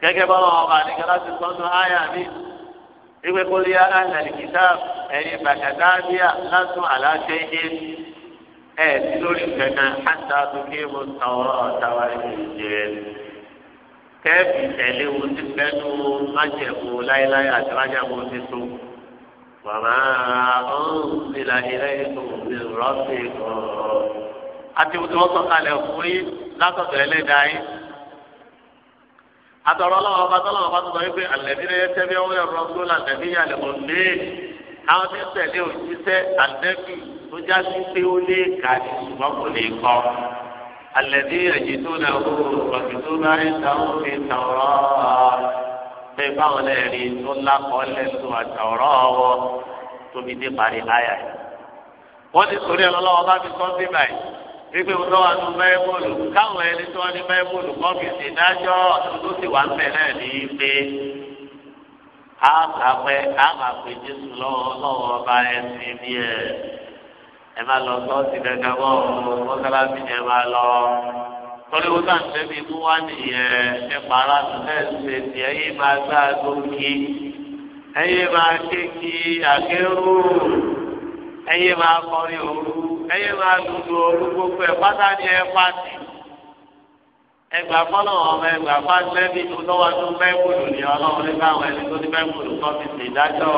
gẹ́gẹ́ bọ́lá ọba àdìgẹ́lá ti sọ́nù áyà mi wípé kó lè yá áyà nìkítà ẹ̀yìn bàtà dáadéa lásán àlàáfíà yìí ẹ lórí kankan àti àtúnkè mo tàwọn ọ̀tàwà ìjẹ kẹ́ẹ̀bì tẹ̀lé wo ti fẹ́nu májẹ̀mú láéláé àti májẹ̀mú títún màmá ọ̀hún nílà ilé ètò ìrọ́sì ọ̀rọ̀ àti wọ́n sọ kalẹ̀ fún yín látọ̀tọ̀ ẹlẹ́dàá yín atọ̀rọ̀ ọlọ́wọ́ ọba tọ́lọ́ ọba tó sọ wípé àlẹ́bíyẹ tẹ́bí ọwọ́ ẹ̀rọ tó là àlẹ́bíyẹ àlẹ́bọ̀ lé àwọn tí ń tẹ̀lé òjíṣẹ́ àlẹ́bí tó já sí pé ó lè kà ní ṣùgbọ́n kò lè kọ́ alẹ́dí ẹ̀jẹ̀ tó lẹ̀ ó rọ̀bì tó bá ń ta ó fi tàwọ̀rọ̀ pé báwọn lè rí tó lákọ̀ọ́ lẹ́sùn àtàwọ̀rọ̀ ọwọ́ tóbi dé parí láyà yìí. wọ́n ti sọ̀rọ̀ ẹ̀ lọ́wọ́ bá fi sọ́ọ́ báyìí wípé mo lọ́wọ́ nu báyìbólù káwọn ẹni tó wá ní báyìbólù kọ́ fi sì dájọ́ tó sì wà ń bẹ̀ náà ní pé a pé a pé Jésù lọ́wọ́ lọ́wọ́ ọba ẹ̀sìn ẹ máa lọ sọ́ọ̀sì kankan mọ́ mọ́sálásí ẹ máa lọ. torí wọn náà ṣe bí wọ́n wá nìyẹn nípa ara ṣẹ́ ṣe ti ẹ̀yìn máa gbá gòkè ẹ̀yìn máa ké kí àkérò ẹ̀yìn máa kọrin òru ẹ̀yìn máa dúdú òru gbogbo ẹ̀ pátá ni ẹ pàtì. ẹgbà fọlọ́ ọmọ ẹgbà fáṣẹ́ bí lọ́wọ́ tó fẹ́ kúrò ọlọ́run nípa àwọn ẹni tó ti fẹ́ kúrò tó ṣèdájọ́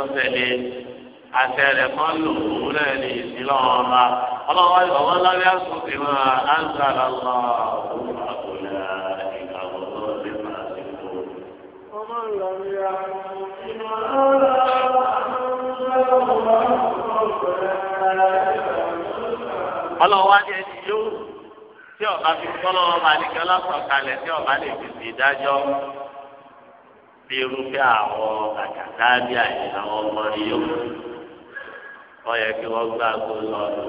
ọ̀ àtẹ̀rẹ̀ kan lò ó náà ìsìlọ̀ ọba ọlọ́wọ́ ìbọ̀wọ́ lábẹ́ àsòkè máa àkọlẹ̀ ìgbàgbọ́ máa ti kú. ọmọ ìlànà ìmọ̀ tí ọba fi kọ́lọ́ ọba kalẹ̀ wọ́n yẹ kí wọ́n gbá aago lọ́ọ̀dù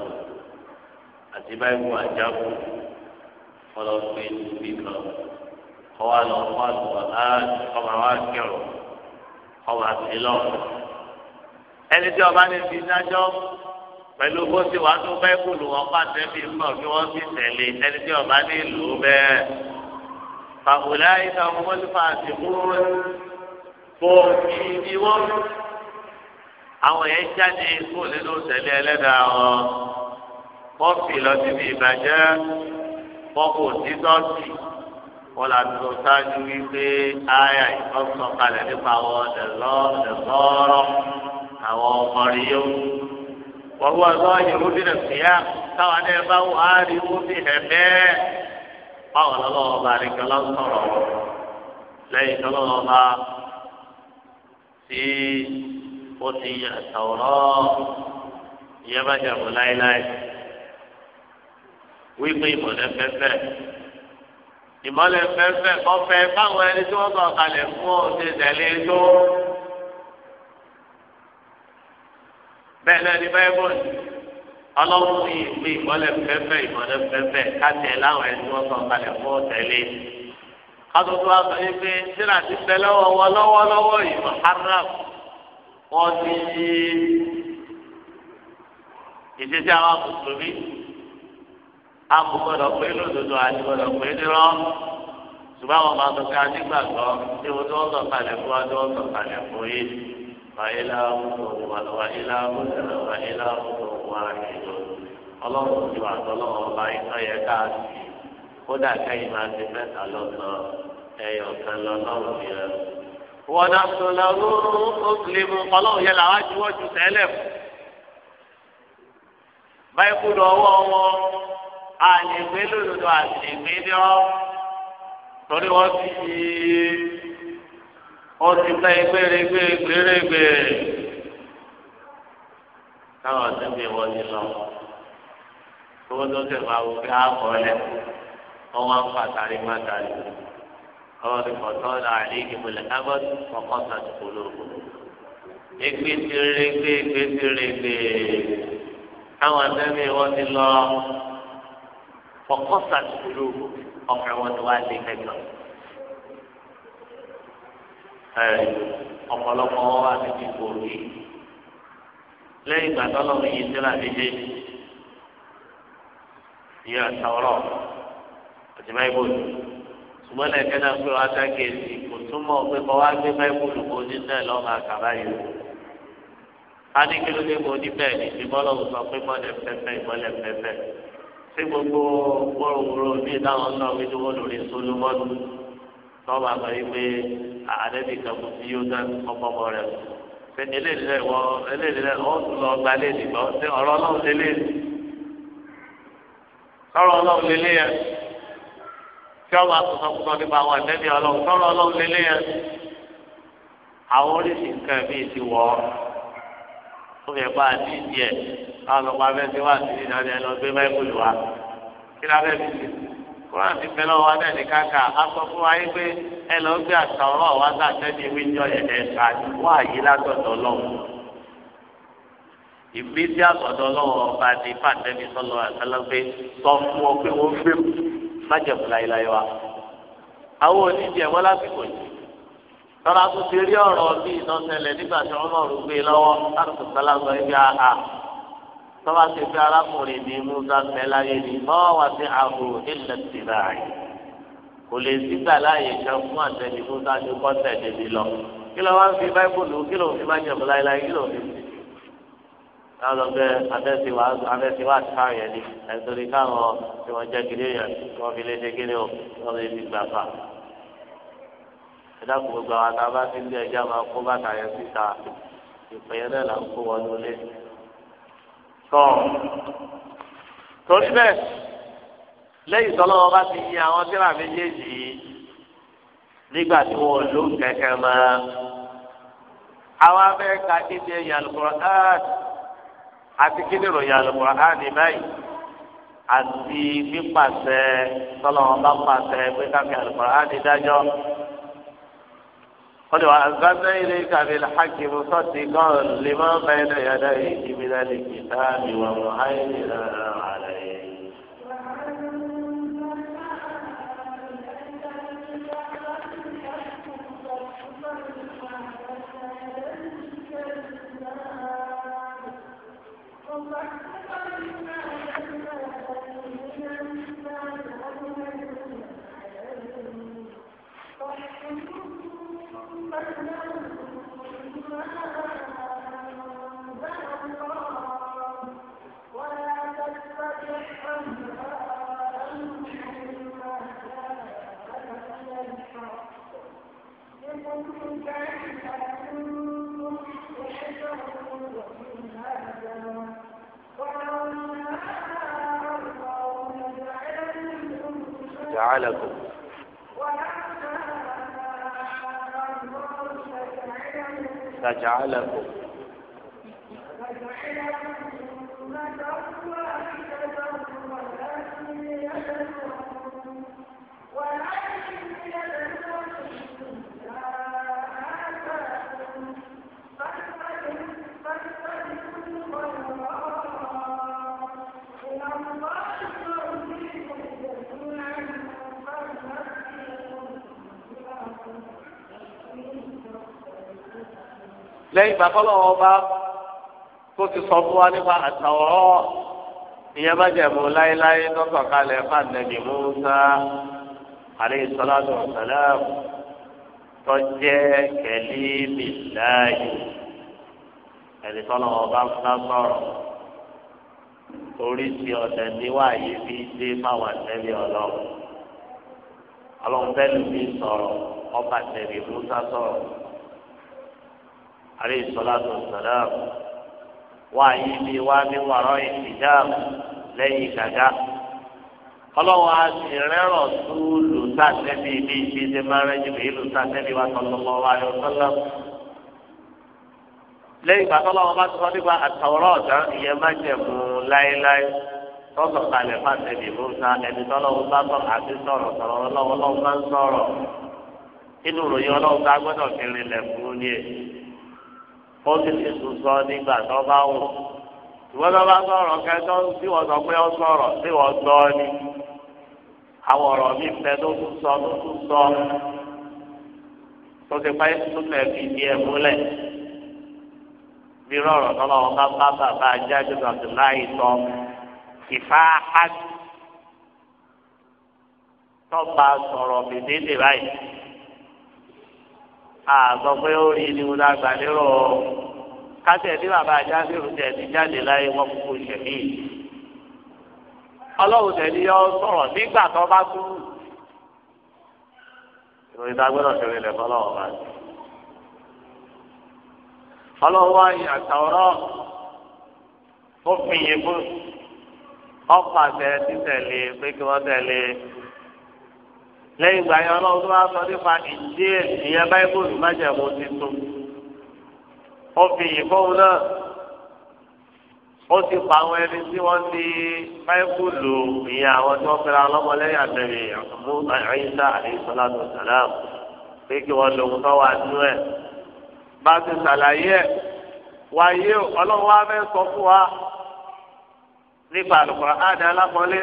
àti báyìí wọ́n àjábù wọ́n lọ gbé níbi kan kọ́ wa lọ kọ́ àlùbọ̀ láàrín kọ́ máa wá kẹrù kọ́ máa sí lọ. ẹni tí ọba ní ti dájọ́ pẹ̀lú bó ti wàá tó bẹ́ẹ̀ kù lù wọ́n pàṣẹ kí wọ́n sì tẹ̀lé ẹni tí ọba ní ìlú bẹ́ẹ̀. fàbùlà ìtàn mọ́lífà àti múrò fòkì ni wọ́n lù àwọn yẹn jáde kó nínú tẹ̀lé ẹlẹ́dàá wọn wọ́n fi lọ síbi ìbàjẹ́ wọ́n kò sí tọ́sí wọ́n là tó sáájú wípé àyà ìfọ́sọ̀ kalẹ̀ nípa àwọn ọ̀dẹ̀lọ́ọ̀dẹ̀lọ́ọ̀rọ̀ àwọn ọmọrin yóò wọ́n wọ́n lọ ìlú dínà fìyà táwọn ẹ̀ bá wọ́n á rí wọ́n fi hẹ̀ báwọn lọ́wọ́ bá rí kan lọ́sọ̀rọ̀ lẹ́yìn tó lọ́wọ́ bá sí ó ti yẹ àtàwọ̀rọ̀ ìyẹn bá jẹ́ àbọ̀ láéláé wípé ìmọ̀lẹ́ fẹ́fẹ́ ìmọ̀lẹ́ fẹ́fẹ́ ọ̀fẹ́ báwọn ẹni tí wọ́n bá kalẹ̀ fún ọ ṣe tẹ̀lé e tó bẹ́ẹ̀ náà ní báyìí ọlọ́run ní ìpè ìmọ̀lẹ́ fẹ́fẹ́ ìmọ̀lẹ́ fẹ́fẹ́ káṣẹ̀ láwọn ẹni tí wọ́n bá kalẹ̀ fún ọ tẹ̀lé e. kátó tó wá sọ yìí pé sílà ti tẹ lọ́wọ́ wọ lọ́wọ́lọ́wọ́ yìí mọ̀ wọ́n ti di ìṣesí àwọn mùsùlùmí akùgbọ́dọ̀ pé lódodo àtìgbọ́dọ̀ pé nírọ́ ṣùgbọ́n àwọn máa sọ pé anígbàgbọ́ tí wọ́n tó sọ kalẹ̀ fún wa tó sọ kalẹ̀ fún yìí wàhálà wàhálà wàhálà wàhálà ọlọ́run ju àtọ́lọ́wọ́ ọba iná yẹ ká sí kódà kẹ́yìn máa ti mẹ́ta lọ́sọ ẹ̀yọ̀ kan lọ́lọ́run yẹn. wọn àtúnlá ọ̀sùnlẹ̀ mu ọlọ́run yẹn làwọn ajíwọ́jú tẹ́lẹ̀ mu báyìí kú lọ ọwọ́ wọn lòlòdò àlègbè ní ọ torí wọn káwọn ọlọ́run ní kọ̀tọ́lá àlejò mọ̀lẹ́ abọ́dù kọ̀kọ́ sàtìkò lóko. Egbe ti regbe egbe ti regbe káwọn sẹ́mi wọ́n ti lọ kọ̀kọ́ sàtìkò lóko ọkàn wọn ti wá lé kẹjọ. ọ̀pọ̀lọpọ̀ wọn wá síbi gbòòrò lẹ́yìn ìgbà tọ́lọ́mù yìí sílá méjèèjì ìyá àtàwọ̀rọ̀ àti báyìí bòòrò ṣùgbọ́n lẹ́ẹ̀kẹ́ náà pé wọ́n á kéèsì kò túmọ̀ pé kọ́ wá gbé báyìí kò ní náà lọ́mọ àkàrà yìí. a ní kí ló dé mo ní bẹ́ẹ̀ ni ìdìbò ọlọ́run sọ pé mọ́lẹ̀ pẹ́pẹ́ ìmọ́lẹ̀ pẹ́pẹ́ sí gbogbo wórówóró bíi táwọn náà wí lówó lórí solomoni tó máa gbọ́ yí pé àdébì kan kò sí yóò dán ọmọọmọ rẹ̀ pé eléyìí rẹ̀ wọ́n eléyìí rẹ̀ wọ́n tún lọ gba léèdì gbọ́ ọ̀rọ̀ ọlọ́run lélẹ́yìn tí ọba àtúntò kúkọ nípa àwọn ẹ̀dẹ́bí ọlọ́run tọ́lọ́ ọlọ́run lélẹ́ yẹn àwọn oríṣi nǹkan bíi ti wọ̀ ọ́ ó yẹ bá a ní ìdí ẹ̀ káwọn ọmọ abẹ́ ti wá sí ìdáni ẹ lọ gbé báyìí wá kí ni abẹ́ mi ti kúrò àti pẹ̀lú ọwọ́ abẹ́ ní káka aṣọ fún wa yín pé ẹ lọ gbé àṣà ọ̀rọ̀ wa gbà sẹ́ni ìwé ìjọ yẹn ẹ̀ wá yí látọ̀dọ̀ ọlọ́run ìgbésí àtọ̀dọ̀ ọlọ́run ọba ní fàtẹ́mi sọ́lọ́ àtàlọ́gbé sọ fún ọ pé wọ́n fẹ́ májẹ̀mú láéláé wa àwọn oníjẹ wọn lásìkò yìí tọ́lá tó ti rí ọ̀rọ̀ bíi ìdánṣẹlẹ̀ nígbà tí wọ́n náà rúgbé e lọ́wọ́ láti sọ́lá sọ ibi àhà tọ́lá ti fi arákùnrin ní musa mẹ́láyé ní bọ́wà sí ààbò ilẹ̀ tìrà rẹ̀ kò lè sígbà láàyè kan fún àtẹ̀lé musa ní kọ́tẹ̀ níbi lọ kí ló fi báíbùlù lọ́dọ̀ pé abẹ́síwá abẹ́síwá káwọn yẹn ni ẹ̀sọ́rí káwọn tí wọ́n jẹ́ kiri yẹn wọ́n fi lé ṣe kiri o wọ́n fi fi gbà fà. ẹ̀dá kò gbà wá tá a bá ti lé ẹja máa kó bàtà yẹn síta ìpè yẹn náà là ń kó wọn lólé. tọ́ torí bẹ́ẹ̀ lẹ́yìn tọ́lọ́wọ́ bá ti yin àwọn tíra méjèèjì yìí nígbà tí wọ́n lò kẹ̀kẹ́ máa àwọn abẹ́ ka kéde yàlùkọ́ áàtì àti kí ni ìròyìn àlùkòrò áàdì báyìí àti pípàṣẹ tọ́lọ́wọ́n bá pàṣẹ pé káfíń àlùkòrò áàdì dájọ́. قد وأنزلنا إليك بالحق مصدقا لما بين يديه من الكتاب ومهيمنا عليه لكم فاجعلكم lẹ́yìn ìgbà kọ́lọ́wọ́ ọba tó ti sọ fún wa nípa àtàwọ̀rọ̀ ìyẹn bá jẹ̀mú láéláé lọ́sọ̀ kalẹ̀ fàdébì Musa alayhi salatu wa salam tọ́jẹ́ kẹ̀lí mi láàyè ẹ̀rí kọ́lọ́wọ́ ọba fúnra sọ̀rọ̀ oríṣi ọ̀sẹ̀ níwáyé bí dé fáwọn àtẹ́bí ọlọ́run ọlọ́run bẹ́ẹ̀ ló fi sọ̀rọ̀ ọba àtẹ́bí Musa sọ̀rọ̀. عليه الصلاة والسلام وعيبي ومن وراء الحجاب ليس كذا ọlọ́wọ́ a sì rẹ́rọ̀ tó lù sàtẹ́bí bí ibi ṣe máa rẹ́ jùlọ yìí lù sàtẹ́bí wa tọ́lọ́mọ wa yọ sọ́lọ́. lẹ́yìn ìgbà tọ́lọ́wọ́ bá sọ nípa àtàwọ̀rọ̀ ọ̀dọ́ ìyẹn má jẹ̀mú láéláé tọ́sọ̀ kalẹ̀ fàtẹ́bí musa ẹni tọ́lọ́wọ́ bá sọ àti sọ̀rọ̀ sọ̀rọ̀ ọlọ́wọ́ lọ́wọ́ bá ń sọ̀rọ̀ inú ìròyìn ọlọ́wọ́ bá gbọ́dọ̀ fi rinlẹ̀ fún un ní ó sì ti sùn sọ nígbà tó bá wù ìwọ́n tó bá sọ̀rọ̀ kẹ́tọ́ tí wọ́n sọ pé ó sọ̀rọ̀ tí wọ́n gbọ́ ni àwọn ọ̀rọ̀ mi fẹ́ tó tún sọ tó tún sọ tó ti pẹ́ tó fẹ́ fi di ẹ̀ múlẹ̀ bí rọ̀rọ̀ tọ́lọ́ wọn bá bá bàbá jáde Abdullahi sọ ìfá hajj tọ́ba sọ̀rọ̀ bèbè báyìí. àgbọ̀ pé ó rí ni mo lágbà lérò kásẹ̀ tí bàbá jáfẹ́rù tẹ̀ ti jáde láyé wọ́n kúkú ṣẹ̀mí. ọlọ́run tẹ̀lé yọ sọ̀rọ̀ nígbà tó bá kú. ìròyìn tá a gbọ́dọ̀ ṣe rìnlẹ̀ bá ọlọ́run wá yìí àtàwọ̀rọ̀ ó fi fún ọ̀pọ̀ lẹ́yìn ìgbà yẹn ọlọ́run tó bá sọ nípa ìdí ìyẹn báíbòlù májẹ̀mú ti tó ó fi ìfọ́hùn náà ó ti pa àwọn ẹni tí wọ́n ní báíbòlù ìyẹn àwọn tí wọ́n fẹ́ra ọlọ́mọlẹ́yìn àtẹ̀lẹ̀ àmú àyíṣà àdéṣọlá tó sàlám pé kí wọ́n lòun tó wà nú ẹ̀ bá ti sàlàyé ẹ̀ wáyé ọlọ́run wá fẹ́ sọ fún wa nípa àlùkò àdá alákọ̀ọ́lé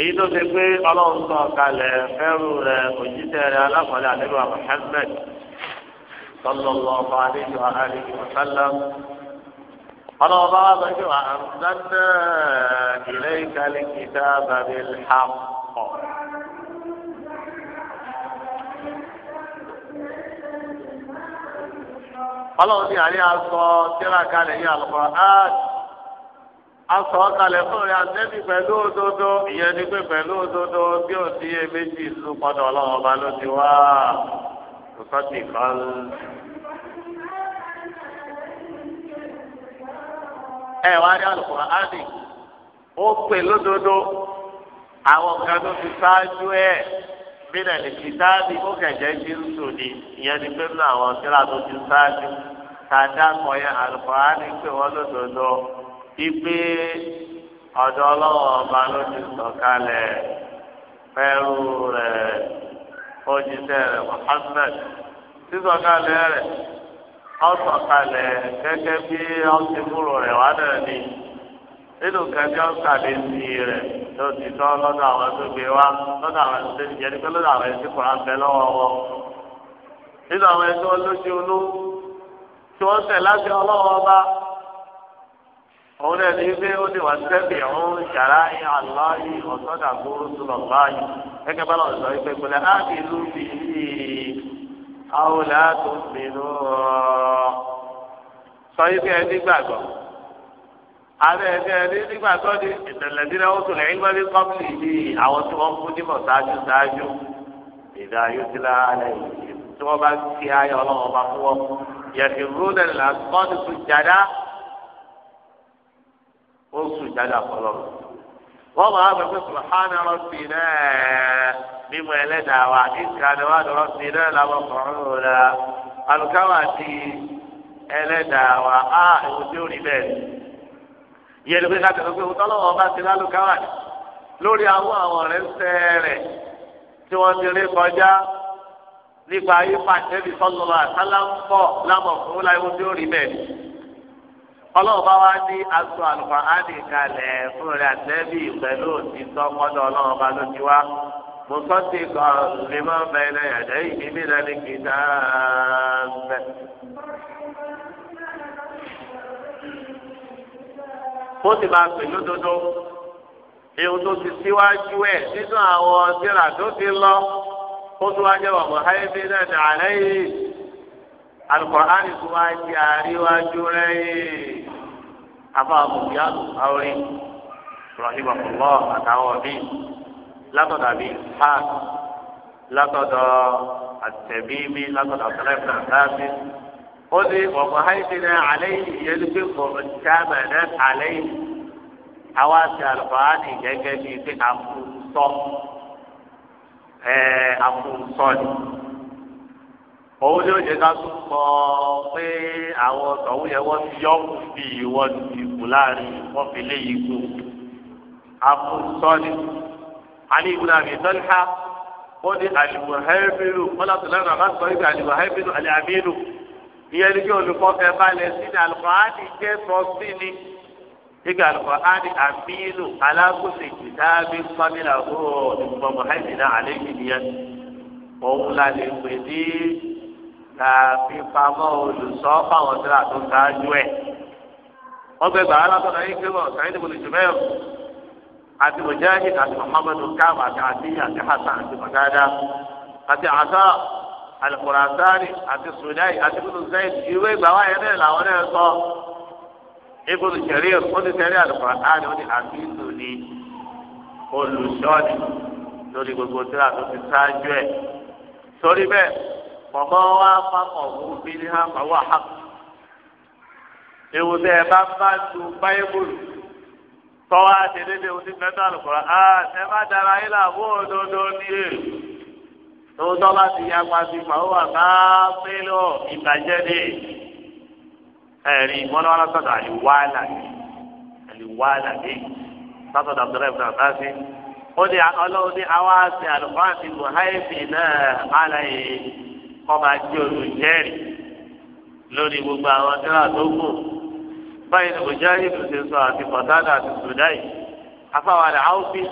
èyí tó ṣe pé ọlọ́run sọ kalẹ̀ fẹ́rù rẹ̀ òjíṣẹ́ rẹ̀ alákọ̀ọ́lẹ̀ àdébà Muhammad sallallahu alayhi wa alihi wa sallam ọlọ́run bá wà lọ́jọ́ àǹdáná ilé ìkàlẹ̀ kìtà babil haqq. ọlọ́run ní àlẹ́ àsọ tíra kalẹ̀ yìí àlùkò áàtì asọ̀ kalẹ̀ fún rẹ̀ àtẹ́bí pẹ̀lú òdodo ìyẹn ni pé pẹ̀lú òdodo bí ó ti yé méjì sùn pọ̀dọ̀ ọlọ́run ọba ló ti wá òsọ́tì kan. ẹ wá rí Al-Qur'ani ó pè lódodo àwọn kan tó ti ṣáájú ẹ̀ bínú ẹ̀lẹ́sì táàbì ó kẹ̀jẹ́ sí sùn ni ìyẹn ni pé nínú àwọn tíra tó ti ṣáájú tàdá yẹn Al-Qur'ani pè wọ́n lódodo. ipe ọ̀dọ̀ ọlọ́wọ́ ọba ló ti sọ̀kalẹ̀ pẹ̀lú rẹ̀ ojúṣe rẹ̀ Muhammad sísọ̀kalẹ̀ rẹ̀ ọ̀sọ̀kalẹ̀ gẹ́gẹ́ bí ọ̀sìnkúrò rẹ̀ wà náà ni nínú kẹjọ kàdé sí rẹ̀ ló ti tọ́ lọ́dọ̀ àwọn tó gbé wá lọ́dọ̀ àwọn tó ti jẹ́ nípa lọ́dọ̀ àwọn ẹ̀sìn kọ́ra bẹ́ lọ́wọ́ nínú àwọn ẹ̀sìn olójú olú tí wọ́n tẹ̀ láti ọlọ́wọ́ ọba. òun náà ní pé ó ní wà sẹ́bi ọ̀hún yàrá aláyé ọ̀sọ́dà gbóró tó lọ báyìí gẹ́gẹ́ bá lọ́wọ́ sọ pé pẹ̀lẹ́ á ti lù bí i àwọn làátó bínú ọ̀ sọ pé ẹni gbàgbọ́ abẹ́ ẹni ẹni nígbàgbọ́ ni ìtẹ̀lẹ̀ ní náà ó tún lẹ́yìn gbọ́ ní kọ́pìlì ní àwọn tí wọ́n fún nímọ̀ ṣáájú ṣáájú ìdá yóò tí wọ́n bá ti ayọ̀ ọlọ́wọ́ bá fún wọn yẹ ó sùn jáde àfọlọ́ wọ́n máa gbẹ pé subahana rọ́ọ̀tì náà mímú ẹlẹ́dàá wa ìkànnì wa rọ́ọ̀tì náà làwọn kọ̀ọ̀rọ̀ rẹ̀ la alukawa ti ẹlẹ́dàá wa á ewu tí ó rí bẹ́ẹ̀ ni yẹn pé ká pé òótọ́ lọ́wọ́ bá ti lálukawa ni lórí àwọn àwọn rẹ̀ ń sẹ́ rẹ̀ tí wọ́n ti rí kọjá nípa ayé pàṣẹ bí sọ́lọ́lá sálá ń bọ̀ tí ó rí bẹ́ẹ̀ ni ọlọ́run bá wá ní aṣọ àlùfáàdì kalẹ̀ fún rẹ̀ àtẹ́bí pẹ̀lú òtítọ́ mọ́tò ọlọ́run bá ló ti wá mùsọ́tì kan lè máa bẹ ilẹ̀ yàtọ̀ ìdí mi lẹ́nu kì í ó sì máa pè lódodo ewu tó ti síwájú ẹ nínú àwọn tíra tó ti lọ ó tún wá jẹ́ wàmú háyébí náà ní àlẹ́ alukur'ani tó wá di àríwájú lẹ́yìn afáàmùbíà àwòrán rahim akọlọ àtàwọn ọbí látọ̀dọ̀ àbí hàn látọ̀dọ̀ àtẹ̀bíbí látọ̀dọ̀ àtẹlẹ́fẹ̀ àtàbí ó ní ọ̀pọ̀ haìsínà àlẹ́yìn ìyẹn pé kọ̀ọ̀mù jáàmẹ̀nà àlẹ́yìn àwa àti alukur'ani gẹ́gẹ́ bíi pé àfùsọ ẹ̀ẹ́ àfùsọ ni òun ni ó yẹ ká tún mọ pé àwọn tọ̀hún yẹn wọ́n ti yọ kù bí wọ́n ti kù láàrin wọ́n fi léyìí kù. àfùsọ́ni alẹ́ ìbùdó àmì ìtọ́lẹ́ká wọ́n ní àlùmọ̀hẹ́bìrù wọ́n láti lẹ́nu àbá sọ ibi àlùmọ̀hẹ́bìrù àlẹ́ àmínú. ìyẹn ni kí olùkọ́ fẹ́ balẹ̀ sí ni àlùkọ́hánì jẹ́ sọ sí ni. ibi àlùkọ́hánì àmínú alágùnṣe ìdáàbí pàmìlà òhùn ìmọ̀mọ̀hẹ́bìrù àlẹ́ ìbìyẹn. òun la lè pè ní fífamọ́ olùsọ fáwọn sílá tó ṣáájú ẹ̀. wọ́n gbé gbàrà látọ̀dọ̀ yìí pé wọ́n sàyẹ́dì bọ̀lì jù mẹ́rin àti mujahid àti muhammadu káàmù àti àdíyà àti hasan àti bagada àti asa alukurasani àti sudai àti ibùdó zayd ìwé gbàwá yẹn náà làwọn náà sọ ibùdó sẹ̀rí ó ti sẹ̀rí alukurasani ó ti àfihàn ní olùsọ́ni lórí gbogbo sílá tó ti ṣáájú ẹ̀ sórí bẹ́ẹ̀. mọ̀mọ́ wa fáwọn ọ̀hún bí ní hàmà wà hàmà. Ìwòsàn ẹ̀ bá bá ju báyébùlù tọ́wọ́ àti dédé ojú mẹ́ta àlùkòrò á ẹ má dara yín làbó òdodo ní èlò. Tòun tọ́ba ti ya pàṣẹ pàwó wà bá pélò ìbàjẹ́ dé. àlìwálà ní àlìwálà ní ó ní ọlọ́run ní àwọn àti àlùkò àti náà kọ́ máa lori olùjẹ́rìí lórí gbogbo àwọn tíra tó kù báyìí ni mujahid ṣe sọ àti kọ̀tàdà àti sùdáì afáwàlẹ̀ áwùsí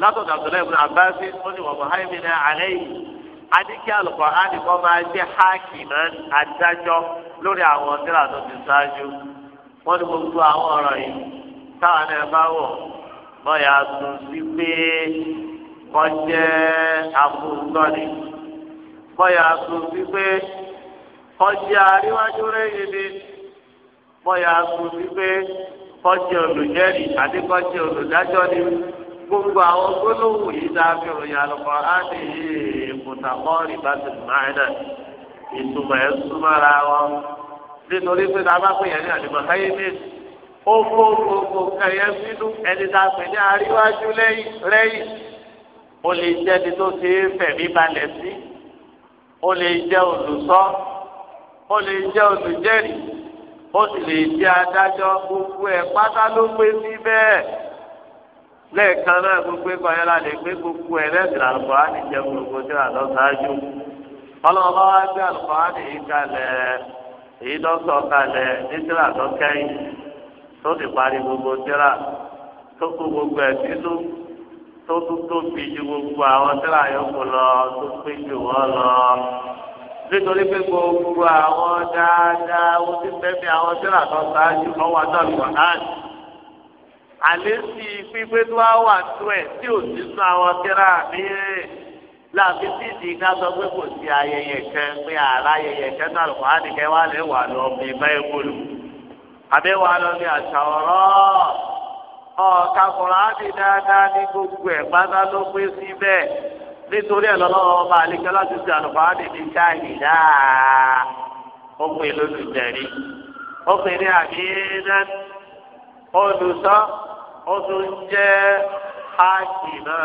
látọ̀dọ̀ abdullahi ibn abbas ó ní wọ́n muhammed náà alẹ́ yìí adíkí al-Qur'ani kọ́ máa jẹ́ hákìmán adájọ́ lórí àwọn tó ti wọ́n ní gbogbo àwọn ọ̀rọ̀ yìí táwọn bá wọ̀ tún sí bọ́yà sùn wípé kọjá àríwájú rẹ́yìn ni bọ́yà sùn wípé kọjá olùjẹ́rìí àti kọjá olùdájọ́ ni gbogbo àwọn gbólóhùn yìí dáa fi ròyìn àlùkò láti ìmùtàkọ́rì bá ti máa náà ìtumọ̀ ẹ̀ súnmọ́ra wọn nítorí pé tá a bá pè yẹn ní àdìmọ̀ káyé ní ó fó gbogbo kẹyẹ sínú ẹni tá a pè ní àríwájú rẹ́yìn ó lè jẹ́ ẹni tó ti fẹ̀mí balẹ̀ sí. ó lè jẹ́ olùsọ ó lè jẹ́ olùjẹ́rìí ó sì lè jẹ́ adájọ́ gbogbo ẹ̀ pátá ló pé sí bẹ́ẹ̀ lẹ́ẹ̀kan náà gbogbo ẹ̀ kọ́yọ́ la lè gbogbo ẹ̀ lẹ́sìn àlùkò á gbogbo tí a lọ sáájú ọlọ́run bá wá gbé àlùkò á ti yí kalẹ̀ èyí kalẹ̀ ní tíra gbogbo tíra tó kó gbogbo tó tún tóbi ju gbogbo àwọn tí wàá yọkù lọ tó pé jù wọ́n lọ. nítorí pé gbogbo àwọn dáadáa ó ti fẹ́ bí àwọn tí wàá tán ṣáájú lọ́wọ́ àtàlùkọ̀ náà. àlẹ́ sí pípé tó wá wà tó ẹ̀ tí ò sí sún àwọn kíra mi láti tí ìdí ká sọ pé kò sí ayẹyẹ kẹ pé àrà ayẹyẹ kẹ náà lọ́wọ́ àdìgẹ́ wà lẹ́wà lọ́ọ́ bí báyìí kúlù àbẹ́wà lọ́ọ́ bí àṣà ọ̀ka kùránì dáadáa ní gbogbo ẹ̀ pátá ló pé sí bẹ́ẹ̀ nítorí ẹ̀ lọ́lọ́wọ́ ọba àlejò láti ṣe àlùkùránì ní káyìdá ó pè lóṣùtẹ̀rí ó olùsọ ó jẹ́ àkìmọ̀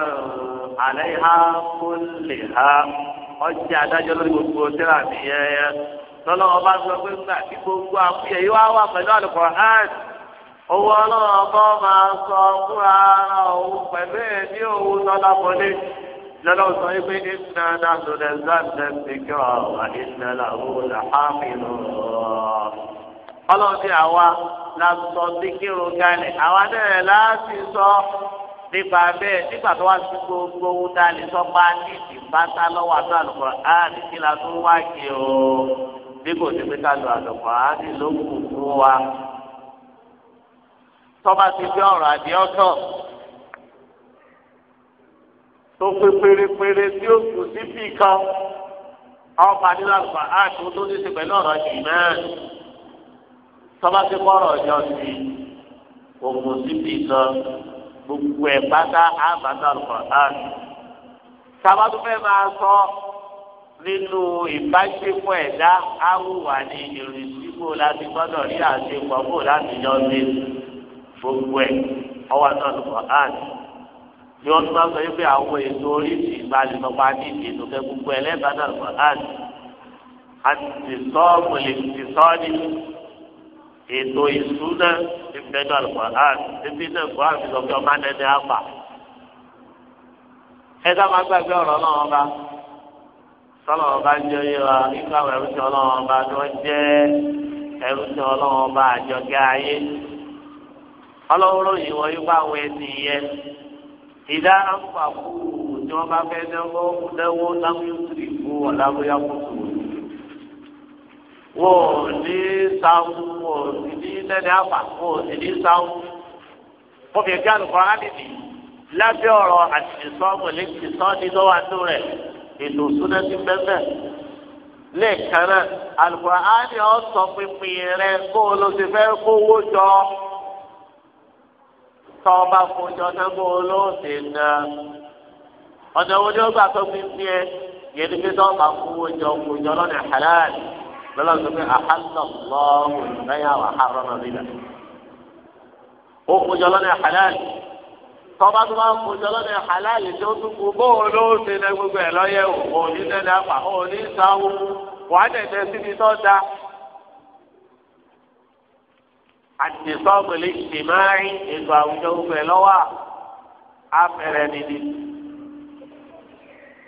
àlẹ́hà ọjà adájọ́ lórí gbogbo tẹ́lá mi lọ́lọ́wọ́ ọba sọ pé gbogbo àkúyẹ̀ yìí wá wà pẹ̀lú owó ọlọ́run ọba máa sọ fúnra ara òun pẹ̀lú ẹ̀mí òun lọ́la mọ́lé lọ́lọ́run sọ wípé iná nàánú lẹ́sà lẹ́sìkọ́ àìsàn làwọn làhámìlú ọlọ́run ti àwa la sọ sí kírun kalẹ̀ àwa náà láti sọ nípa bẹ́ẹ̀ nígbà tó wá sí gbogbo ohun tá a ní ìbátá lọ́wọ́ àti àlùkò àti la tún wá kí o bí kò sí pé ká lo àlùkò àti ló kù fún wa tọ́ba ti fi ọ̀rọ̀ àdìọ́tọ̀ tó pé pérépéré tí ó kù sí bí kan ọba nílànà àti tó ní ti pẹ̀lú ọ̀rọ̀ yìí náà tọ́ba ti kọ́ ọ̀rọ̀ yọ sí òkú sí bí kan gbogbo ẹ̀ bàtà àbàtà ọ̀rọ̀ sábàtú fẹ́ máa sọ nínú ìbáṣepọ̀ ẹ̀dá awùwà ní ìrìnsíbò láti gbọ́dọ̀ rí àṣepọ̀ bò láti yọ sí i. gbogbo ẹ ọwọ àti ọdún kan ni wọn bá sọ pé àwọn èso oríṣi ìgbàlẹ̀ lọ́pọ̀ àdìsí ìdókè gbogbo ẹ lẹ́ẹ̀bá náà lọ́pọ̀ láti àtisọ́ọ̀mù lè ti sọ́ọ̀nì ètò ìṣúná ìfẹ́jọ́ ahụ láti títí náà ọmọ àpà. ẹ dá ọba ọba ń yíra ẹrú tí ọba ń ọba ọlọ́wọ́rọ́ yìí wọ́n yí wá àwọn ẹni yẹn ìdá àǹfà kú tí wọ́n bá fẹ́ dẹ́wọ́ dẹ́wọ́ láwùjọ tó ti kú ọ̀làwọ́yà kùtù wọ́n ò ní sáwù wọ́n ò sì ní lẹ́ni àfà wọ́n ò sì ní sáwù wọ́n fi ẹ̀ka àlùkò ádìdì lábẹ́ ọ̀rọ̀ àtìsọ́mù lẹ́kìtì sọ́ọ́dí tó wà rẹ̀ ètò òṣùnà ti lẹ́ẹ̀kan náà àlùkò ádìdì ọ̀ pínpín rẹ̀ kó o lọ sí fẹ́ kówó jọ tọ́ ọba kojọ nágbó olóòtú iná ọ̀nà wo ni ó gbà tó fi fi ẹ yẹn ní pété ọba kówó jọ kojọ lọ́nà halal lọ́la tó fi àhálà lọ́wọ́ ìgbáyà wà hàrọ̀ nílẹ̀ ó kojọ lọ́nà halal tọ́ba tó bá kojọ lọ́nà halal tó tún kú bó olóòtú iná gbogbo ẹ̀ lọ́yẹ̀ òní sẹ́ni àpà òní sáwó wàá dẹ̀dẹ̀ síbi tó dáa àti sọ́ọ̀gbẹ̀lẹ̀ ìṣèmáàrin ètò àwùjọ gbẹ lọ́wọ́ àfẹ́rẹ́ nìyí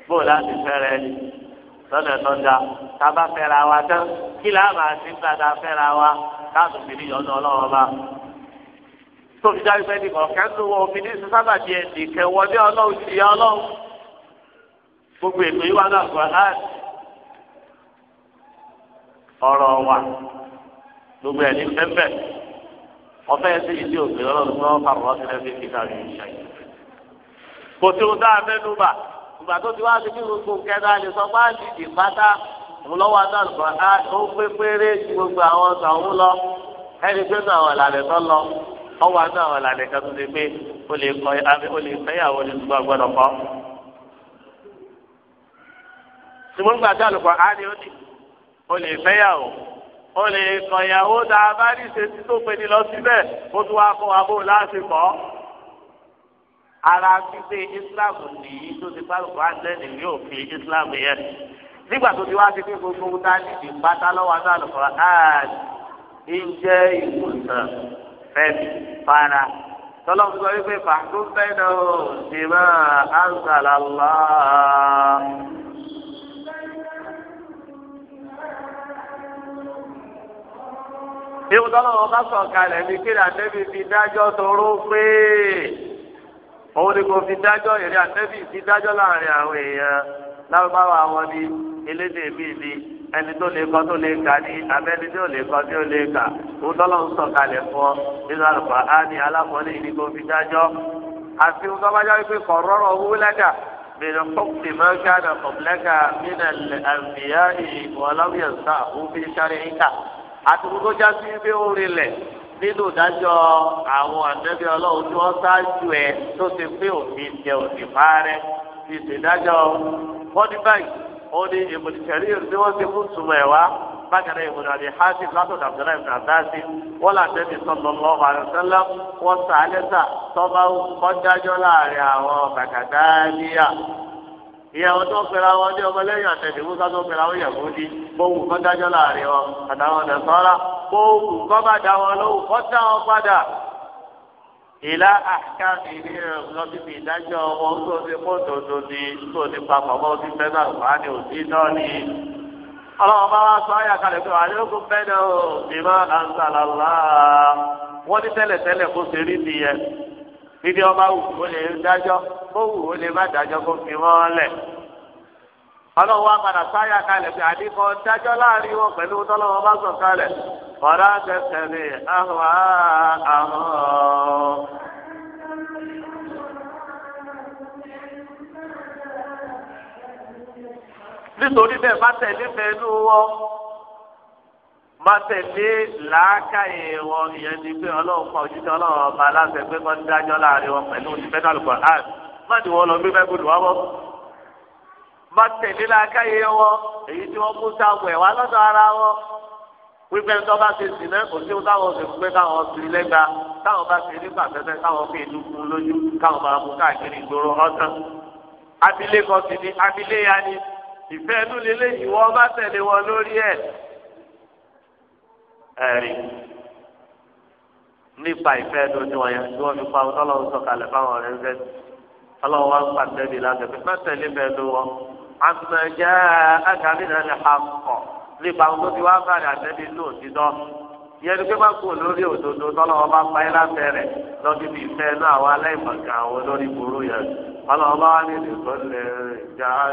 bó láti fẹ́rẹ́ ni lọ́dọ̀ tó da tábà fẹ́ra wa tán kí láà máa ti gbà tá a wa káàtó fi ní ọ̀dọ̀ ọlọ́wọ́ bá. tóbi dájú pé nìkan kẹ́ńtù wọ omi ní sábà di ẹ̀sìn kẹwọ́ ọlọ́run ti yá ọlọ́run. gbogbo ètò yìí wà náà gbọ́ láti ọ̀rọ̀ wà gbogbo ẹ̀ ní pẹ́pẹ́ ọ̀fẹ́ ẹsẹ̀ yìí tí o pè lọ́rọ̀ ló ń fa ọ̀rọ̀ sílẹ̀ fi kíkà rí ìṣe. kò tí o dá abẹ́nu bà ìgbà tó ti wá sí kí gbogbo kẹta lè sọ bá ti dì pátá ńlọ́wọ́ àtàlùkọ́ á ó pé péré ju gbogbo àwọn ọ̀sán òun lọ ẹni pé náà wà lálẹ́ tó lọ ọwọ́ àti àwọn lálẹ́ kan tó ti pé o lè kọ abẹ o lè fẹ́yàwó ní gbogbo agbọ́dọ̀ kọ́. ṣùgbọ́n gbàtà àlùkò á ní ó ní o lè fẹ́yàwó o lè kàn ìyàwó tá a bá rí ìṣesí tó pe ni lọ síbẹ̀ ó tún wá kó wa bó láti kọ́ ara fífi islam nìyí tó ti pálùkù àtẹ́ni yóò fi islam yẹn nígbà tó ti wá ti fi gbogbo ta ní ìpátá lọ́wọ́ àtàlùkọ́ áàdì ìjẹ́ ìwòsàn fẹ́mi fara tọ́lọ́mù sọ wípé fàtúfẹ́ náà ṣì máa ń sàlàlá. ewu tọ́lọ́ wọn bá sọ̀ kalẹ̀ ní kí àtẹ́bí fi dájọ́ toró pé òun ni kò fi dájọ́ èrè àtẹ́bí fi dájọ́ láàrin àwọn èèyàn lárúbáwá àwọn ni elédè bíi ni ẹni tó lè kọ́ tó lè kà ní abẹ́ni tó lè kọ́ tó lè kà òun tọ́lọ́ ń sọ̀ kalẹ̀ fún ọ nínú àlùkò á ní alákọ̀ọ́lẹ̀ yìí kò fi dájọ́ àti òun tọ́ bá jáwé pé kọ̀ rọ́rọ̀ owó lẹ́dà bẹ̀rẹ̀ fọ́ọ̀tì máa ń ká àtúntò jásí wípé ó rinlẹ̀ nínú ìdájọ́ àwọn ànábì ọlọ́run tí wọ́n ṣáájú ẹ tó ti pé òfin jẹ òfin fárẹ́ ti ṣèdájọ́ wọ́n ní báyìí ó ní ìmùdí tẹ̀lé tí wọ́n ti fún túmọ̀ ẹ̀ wá bákan náà ìmùdí àti hasim látọ̀dọ̀ abdullahi ibn abdasi wọ́n là tẹ́bi sallallahu alaihi wasallam wọ́n sàálẹ́sà tọ́ba ìyàwó tó pera wọn ní ọmọlẹ́yìn àtẹ̀dẹ̀ musa tó pera wọn yẹ̀kú ní bóun kọ́ dájọ́ láàrin wọn àtàwọn ọ̀dẹ̀ sọ́ra bóun kọ́ bá da wọn lóhùn kọ́ dá wọn padà. ìlà àkàmì ní ọ̀gbọ́n bíbí ìdájọ́ wọn tó ti kó dòdò ní tó ti papọ̀ mọ́ ti fẹ́ náà wà ní òsì náà ni. ọlọ́run bá wá sọ ayà kalẹ̀ pé àlékún fẹ́ náà ò ní má wọ́n ní tẹ́lẹ̀ tẹ́lẹ̀ kó ṣe rí bíbí ọba wù ó lè dájọ́ ó wù ó lè má dájọ́ kó fi wọ́n lẹ̀ ọlọ́run wa padà sáyà kalẹ̀ pé àdìkọ dájọ́ láàrin wọn pẹ̀lú tọ́lọ́wọ́ bá sọ̀ kalẹ̀ ọ̀rá tẹ̀sẹ̀lẹ̀ àwọn àwọn. nítorí bẹ́ẹ̀ bá tẹ̀lé fẹ́ẹ́ lú wọn. má tẹ̀lé làákàyè wọn ìyẹn ni pé ọlọ́run pa òjijì ọlọ́run ọba aláṣẹ pé kọ́ ń dájọ́ láàrin wọn pẹ̀lú òṣìṣẹ́ dàlùkọ̀ láàrin ah, má ní wọn lọ gbé bẹ́ẹ̀ gbọdọ̀ wọ́n. má tẹ̀lé làákàyè wọn èyí tí wọ́n kú sáwọ̀ ẹ̀ wá lọ́dọ̀ ara wọn. wípé tó bá ti sìn náà kò sí ohun táwọn sì pé káwọn sì lẹ́gba táwọn bá ti rí pàtẹ́tẹ́ káwọn fi ìlú kun lójú káwọn máa mú káàkiri ìgboro ọ̀sán. abilékọ sì ni abiléya ni ìfẹ́ inú lélẹ́yìí wọ́n bá tẹ̀lé wọn lórí ẹ̀ ẹ̀rí nípa ìfẹ́ lójú ya yẹn tí wọ́n fi pa ọlọ́run sọ̀kalẹ̀ fáwọn ọ̀rẹ́ ńfẹ́ ọlọ́run wọn pa tẹ́lẹ̀ láti má tẹ̀lé bẹ́ẹ̀ ló wọn àmọ̀já àgàmìnà ni a kọ̀ nípa ohun tó ti wá bá rẹ̀ àtẹ́bí lóòtítọ́ yẹn ni pé má kú lórí òdodo tọ́lọ́wọ́ bá pa ẹ́ láti rẹ̀ lọ́dí bí ìfẹ́ náà àwọn aláìmọ̀kà àwọn olórí burú yẹn ọlọ́wọ́ bá lè náà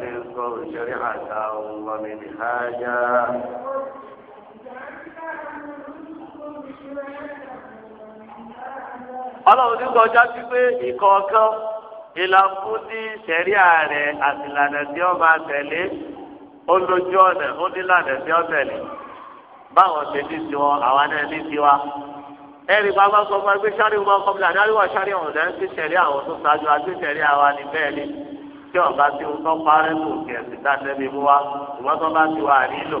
ní òṣèré ọlọ́run ní kọjá sí pé ìkọ̀ọ̀kan ìlànà ní sẹ̀ríà rẹ̀ àti ìlànà tí ó máa tẹ̀lé ó lójú ọ̀nà ó ní ìlànà tí ó tẹ̀lé báwọn ṣe ní tiwọn àwa náà ní tiwa. ẹ̀rì bàbá sọ fún ẹgbẹ́ sáré wọn kọ́ bílà dáríwá sáré ọ̀hún náà sí sẹ̀ríà àwọn tó ṣáájú àti sẹ̀ríà wa ní bẹ́ẹ̀ ni tí ọ̀gá tí ó tọ́ parẹ́ kò kẹ̀ sí dáadẹ́bí mú wa ìwọ́n tó bá ti wà nílò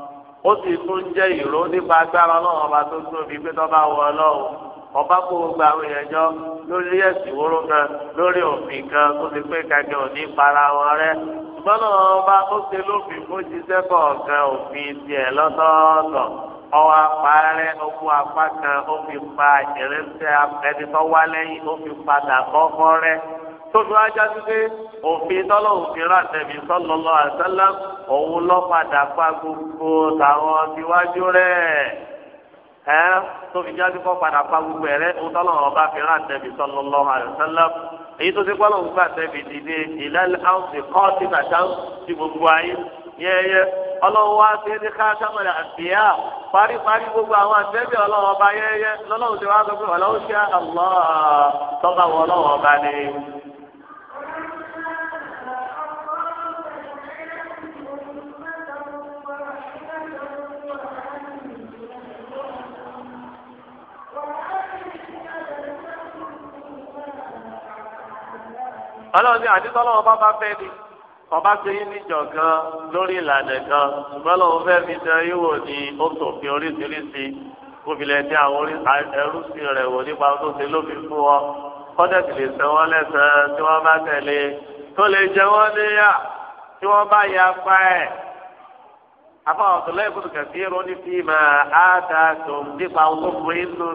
ó sì tún jẹ́ ìró nípa agbára ọlọ́run ọba tó tóbi pé tó bá wọ ọlọ́run ọba kó gba àwọn èèyàn jọ lórí ẹ̀sìn wóró kan lórí òfin kan tó ti pé kàkẹ́ òní para wọn rẹ ṣùgbọ́n náà ọba ó ṣe lófin fún jíṣẹ́ kọ̀ọ̀kan òfin tiẹ̀ lọ́tọ̀ọ̀tọ̀ ọwọ́ apárẹ́ owó apá kan ó fi pa ìrẹsẹ̀ ẹni tó wá lẹ́yìn ó fi padà kọ́kọ́ rẹ́ tóbi wá já sí pé òfin tọ́lọ̀ òfin rà tẹ̀mí sallallahu alaihi wasallam òun lọ́ padà pa gbogbo tàwọn tiwájú rẹ̀ ẹ tóbi já sí kọ́ padà pa gbogbo ẹ̀rẹ́ òun tọ́lọ̀ ọba fi rà tẹ̀mí sallallahu alaihi wasallam èyí tó ti kọ́ lọ́wọ́ gbà tẹ̀mí dìde ìlẹ́lẹ́ àwọn ti kọ́ sí bàtà sí gbogbo ayé yẹ́yẹ́ ọlọ́run wá sí ní káṣámọ̀lẹ̀ àbíyá paríparí gbogbo àwọn àtẹ́bí ọlọ́run ọba yẹ́yẹ́ lọ́lọ́run ti wá sọ pé ọlọ́run ṣe àlọ́ tọ́ka wọ ọlọ́run ọba ni. ọlọ́run ní àdìsọ́lọ́wọ́ bá bá fẹ́ ni ọba ṣe yín níjọ gan lórí ìlànà kan ṣùgbọ́n lọ́wọ́ fẹ́ fi jẹ yíwò ní ó sòfin oríṣiríṣi obìnrin tí àwọn ẹrú sí rẹ̀ wò nípa tó ṣe lófin fún wọn kọ́dẹ̀tì lè sẹ́ wọ́n lẹ́sẹ̀ tí wọ́n bá tẹ̀lé tó lè jẹ wọ́n níyà tí wọ́n bá ya pa ẹ̀. afọwọ́ tó lẹ́yìn fún kẹ̀sí ronú fi mọ̀ áta tó nípa owó fún inú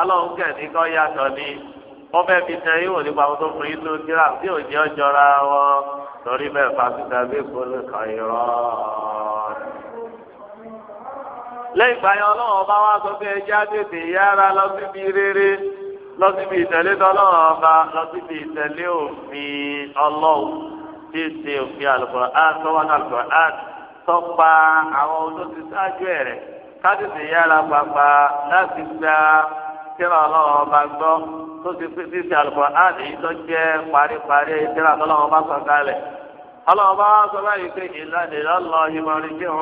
ọlọ́run kẹ̀ ní kọ́ yàtọ̀ ní wọ́n fẹ́ fi tẹ yíwò nípa àwọn tó fún yín ló dírà tí ò jẹ́ ọjọ́ra wọn torí bẹ́ẹ̀ fásitì bí kòlù kan irọ́. lẹ́yìn ìgbà yẹn ọlọ́run ọba wa sọ pé ẹjẹ́ àtètè yára lọ síbi rere lọ síbi ìtẹ̀lé tọ́lọ́run ọba lọ síbi ìtẹ̀lé òfin ọlọ́run tí ń ṣe òfin Al-Qur'an tọ́wọ́ náà Al-Qur'an tọ́pa àwọn olóṣèṣáájú ẹ̀rẹ̀ ká tètè yára pàpà láti gba. tíra ọlọ́run ọba gbọ́ tó ti fi fífi al èyí tó jẹ́ paríparí tíra ọlọ́run ọba sọ kalẹ̀ ọlọ́run ọba wa sọ báyìí pé ìlànà ìlọ́lọ́ ìmọ̀rin jẹ́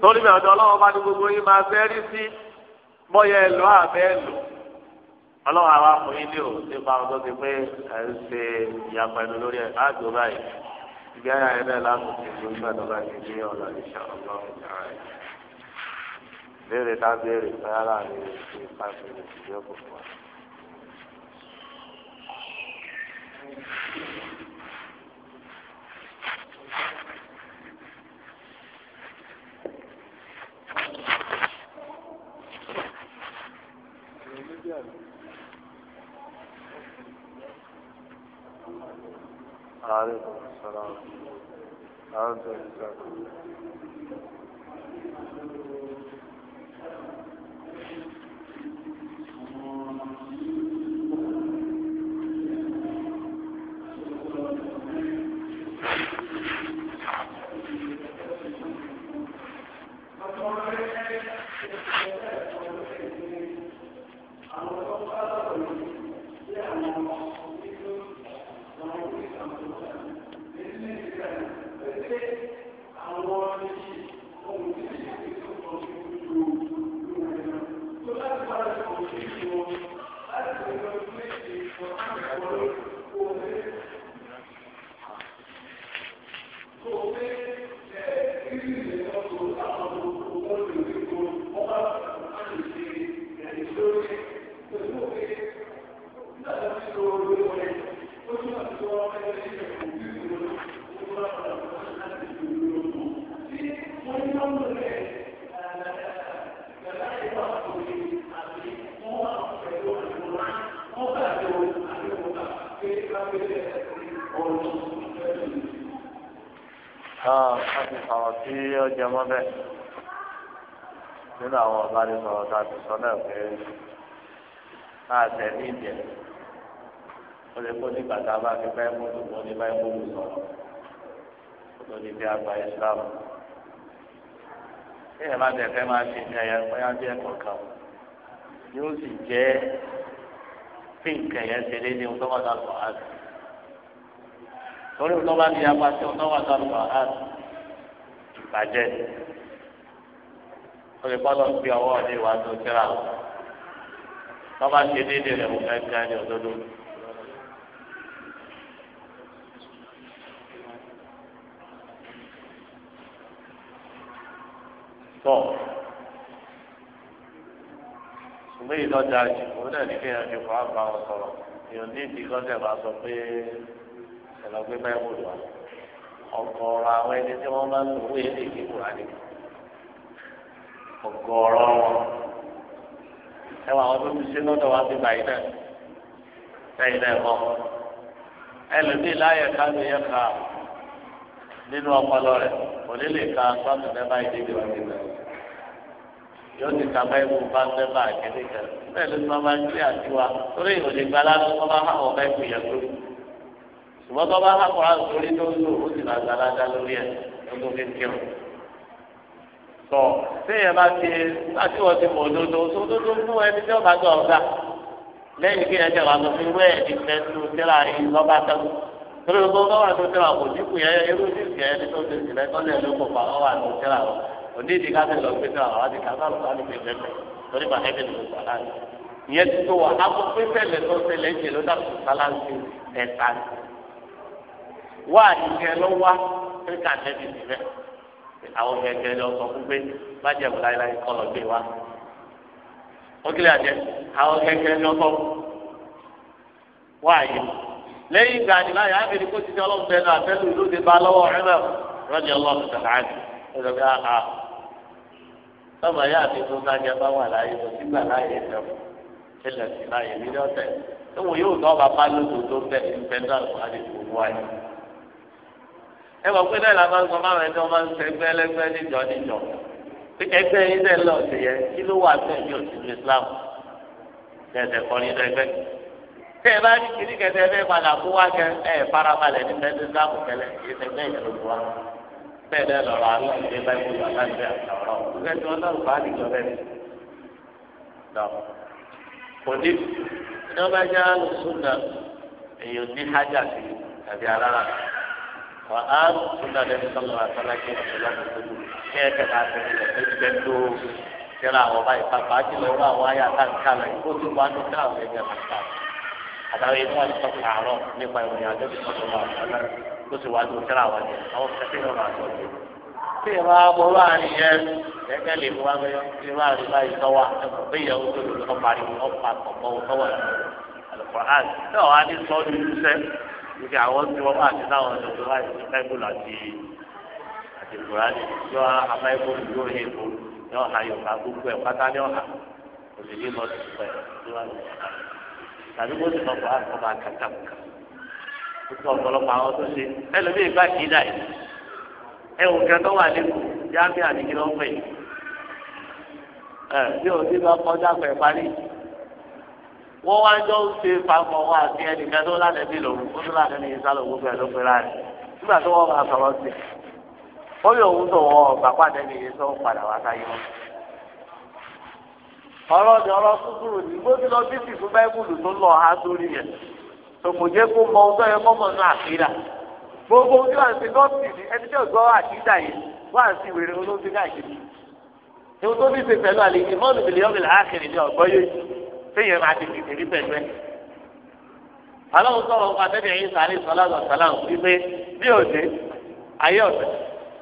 torí mi ọ̀dọ́ ọlọ́run gbogbo máa fẹ́ rí sí ọlọ́run àwa fún yín ní o nípa àwọn tó ti pé ẹ̀ ń ṣe ìyapa ẹnu lórí ẹ̀ láàgbó báyìí ìgbé ayé ayé bẹ́ẹ̀ láti ṣe ìlú gbàdọ̀ báyìí ní ọ̀la ìṣà ọlọ́run ìṣàrà ẹ̀. béèrè ká béèrè báyà láàrin ìṣe ìpàdé ìṣèjọba wa. Thank you. وعليكم السلام أنت bá ní sọ̀rọ̀ tá a ti sọ náà pé máa tẹ̀ ní ìdẹ̀ ó lè kó nígbà tá a bá fi báyìí mú tòun ní báyìí mú sọ̀rọ̀ kó tó ní bí àgbà Islam. bí ẹ̀ bá tẹ̀ fẹ́ máa ṣe ní ẹ̀yà bóyá bí ẹ̀kọ́ kan ni ó sì jẹ́ tí nǹkan yẹn ṣe lé ní ọjọ́ wàdà lọ́wọ́ àti torí ọjọ́ bá ní apá sí ọjọ́ wàdà lọ́wọ́ àti ìbàjẹ́ olè gbọ́dọ̀ fi ọwọ́ ní ìwà tó kíra o tọ́ba ṣe déédéé rẹ̀ mo fẹ́ gbá ní òdodo. tọ́ ṣùgbọ́n ìlọ jù òun náà ní kéèyàn fi fàá bá wọn sọ̀rọ̀ èèyàn ní ìdí kọ́sẹ̀ bá sọ pé ẹ̀lọ́gbé báyìí wò lọ́wọ́ ọ̀gọ̀ọ̀rọ̀ àwọn ẹni tí wọ́n máa ń lò wọ́n yé lè gbé kúrò á nìkan. Ọgọrọ, wọn ẹwà àwọn tó ti ṣe lọ́dọ̀ wa ti báyìí náà báyìí náà mọ ẹlòmíì láyẹ káàdì yẹ ká ọpọlọ rẹ kò ní lè ka sọọtù mẹba yìí níbi wọn níbẹ̀ yóò ti ka bá ibú bá mẹba kẹ bẹ́ẹ̀ ló sọ ń gbé torí ìròyìn lánàá bá hàn ṣùgbọ́n bá hàn kọ́ra lórí tó ń lò ó lórí tọ sẹ́yìn bá ti láti wọ́n ti mọ̀ òdodo sódodo fún ẹni tí ọba gbọ́ ọ̀gá lẹ́yìn kí ẹ̀jẹ̀ wà lọ fi wẹ́ ẹ̀dí mẹ́tò tẹ́lá yìí lọ́ba tán torí gbogbo ọba wà tó tẹ́lá kò dínkù yẹn irú dínkù yẹn ní tó ti sì lẹ́tọ́ lẹ́yìn ló kọ̀ pa ọ wà tó tẹ́lá lọ òní ìdí ká ti lọ gbé tẹ́lá wà láti kàtà lọ́ba ní pé mẹ́mẹ́ torí bàtẹ́ bí ló sọ láti ìyẹn ti tó wà á kó tó tẹ́lẹ̀ ń jẹ àwọn gẹ́gẹ́ lọ sọ fún pé májẹ̀mú láéláé kọ lọ gbé wa ó kílẹ̀ àjẹ àwọn gẹ́gẹ́ lọ sọ wá àyè lẹ́yìn ìgbà yà á kó ti di ọlọ́run bẹ́ẹ̀ náà ba lọ́wọ́ ẹ̀rọ rọ́jì ọlọ́run tẹ̀lé bí a sọ́mọ yà á fi fún sájà bá wà lọ sígbà nílẹ̀ ọ̀tẹ̀ ẹ mọ̀ pé náà la máa ń sọ fáwọn ẹni wọn máa ń sẹ gbẹ́lẹ́gbẹ́ níjọ níjọ ẹgbẹ́ yín dẹ̀ lọ sí yẹ kí ló wà bẹ́ẹ̀ ní òsì ní Islam tẹ̀sẹ̀ kọ́ nínú ẹgbẹ́ tẹ́ ẹ bá ní kiri kẹsẹ̀ ẹ fẹ́ padà kó wá kẹ ẹ farabalẹ̀ ní bẹ́ẹ̀ ní Islam kẹlẹ̀ ẹgbẹ́ ìṣòro wa bẹ́ẹ̀ dẹ̀ lọ́rọ̀ alọ́ ìdè báyìí kó wà láti àtàwọn ọ̀rọ̀ ẹgbẹ́ ọlọ́run bá nìjọ bẹ́ẹ̀ kò ní ìjọba jẹ́ àlùsùn náà èèyàn ní hájà sí tàbí alára wà á sunna lẹni sọlọ àtàlà kí wọn sọlọ kó tó kí ẹ kẹta àtẹnudẹ lẹsẹ ti bẹ tó kíra àwọn báyìí pàpà ti lọ wá àwọn àyà káńká lẹ kó tó wà ní ká àwọn ẹgbẹ́ káńká àtàwọn ẹgbẹ́ wọn sọ àárọ nípa ìròyìn àjọ tó sọ wà àtàlà kó tó wà ní kíra àwọn ẹgbẹ́ àwọn kẹfẹ náà máa tọjú. tí ìwà àbúrò àárín yẹn ẹgbẹ́ lè mú wa mẹ́yọ́ tí ìwà àárín báyìí sọ́wọ́ ẹ̀kọ́ bí ìyàwó tó lò lọ́ wípé àwọn tí wọ́n bá ti láwọn ọ̀dọ́ tó wáyé ní báíbùlù àti àti kùránì yọ abáíbùlù yóò yẹ kó yọ ha gbogbo ẹ̀ pátá ní ọ̀hà òṣèlú lọ sí pẹ̀ níwájú tàbí kó sì lọ bọ̀ á kàkà kà ó tún ọ̀pọ̀lọpọ̀ àwọn tó ṣe ẹlòmíì bá kì dà yìí ẹ̀wù kan tó wà lẹ́kọ̀ọ́ jáde àdìgí lọ́pẹ̀ yìí ẹ̀ bí òsínú ọkọ̀ dàpẹ̀ parí wọ́n wá jọ ń ṣe papọ̀ wọn àti ẹnìkan tó lálẹ́ bí lòun ó tó lálẹ́ ní ìsálò gbogbo ẹ̀ ló rẹ̀ nígbà tó wọ́n máa sọ̀rọ̀ sí ó yọ òun tó wọ́n ọ̀gbà pàdé ní iye tó ń padà wá sáyé wọn. ọ̀rọ̀ lọ ha sórí yẹn kó mọ gbogbo téèyàn máa ti tìtìrí pẹ̀lú ẹ̀. aláwo sọ̀rọ̀ fún atẹ́bí ẹ̀yìn sàlẹ̀ sọ́lá sọ̀tàlá wípé bí òde ayé ọ̀sẹ̀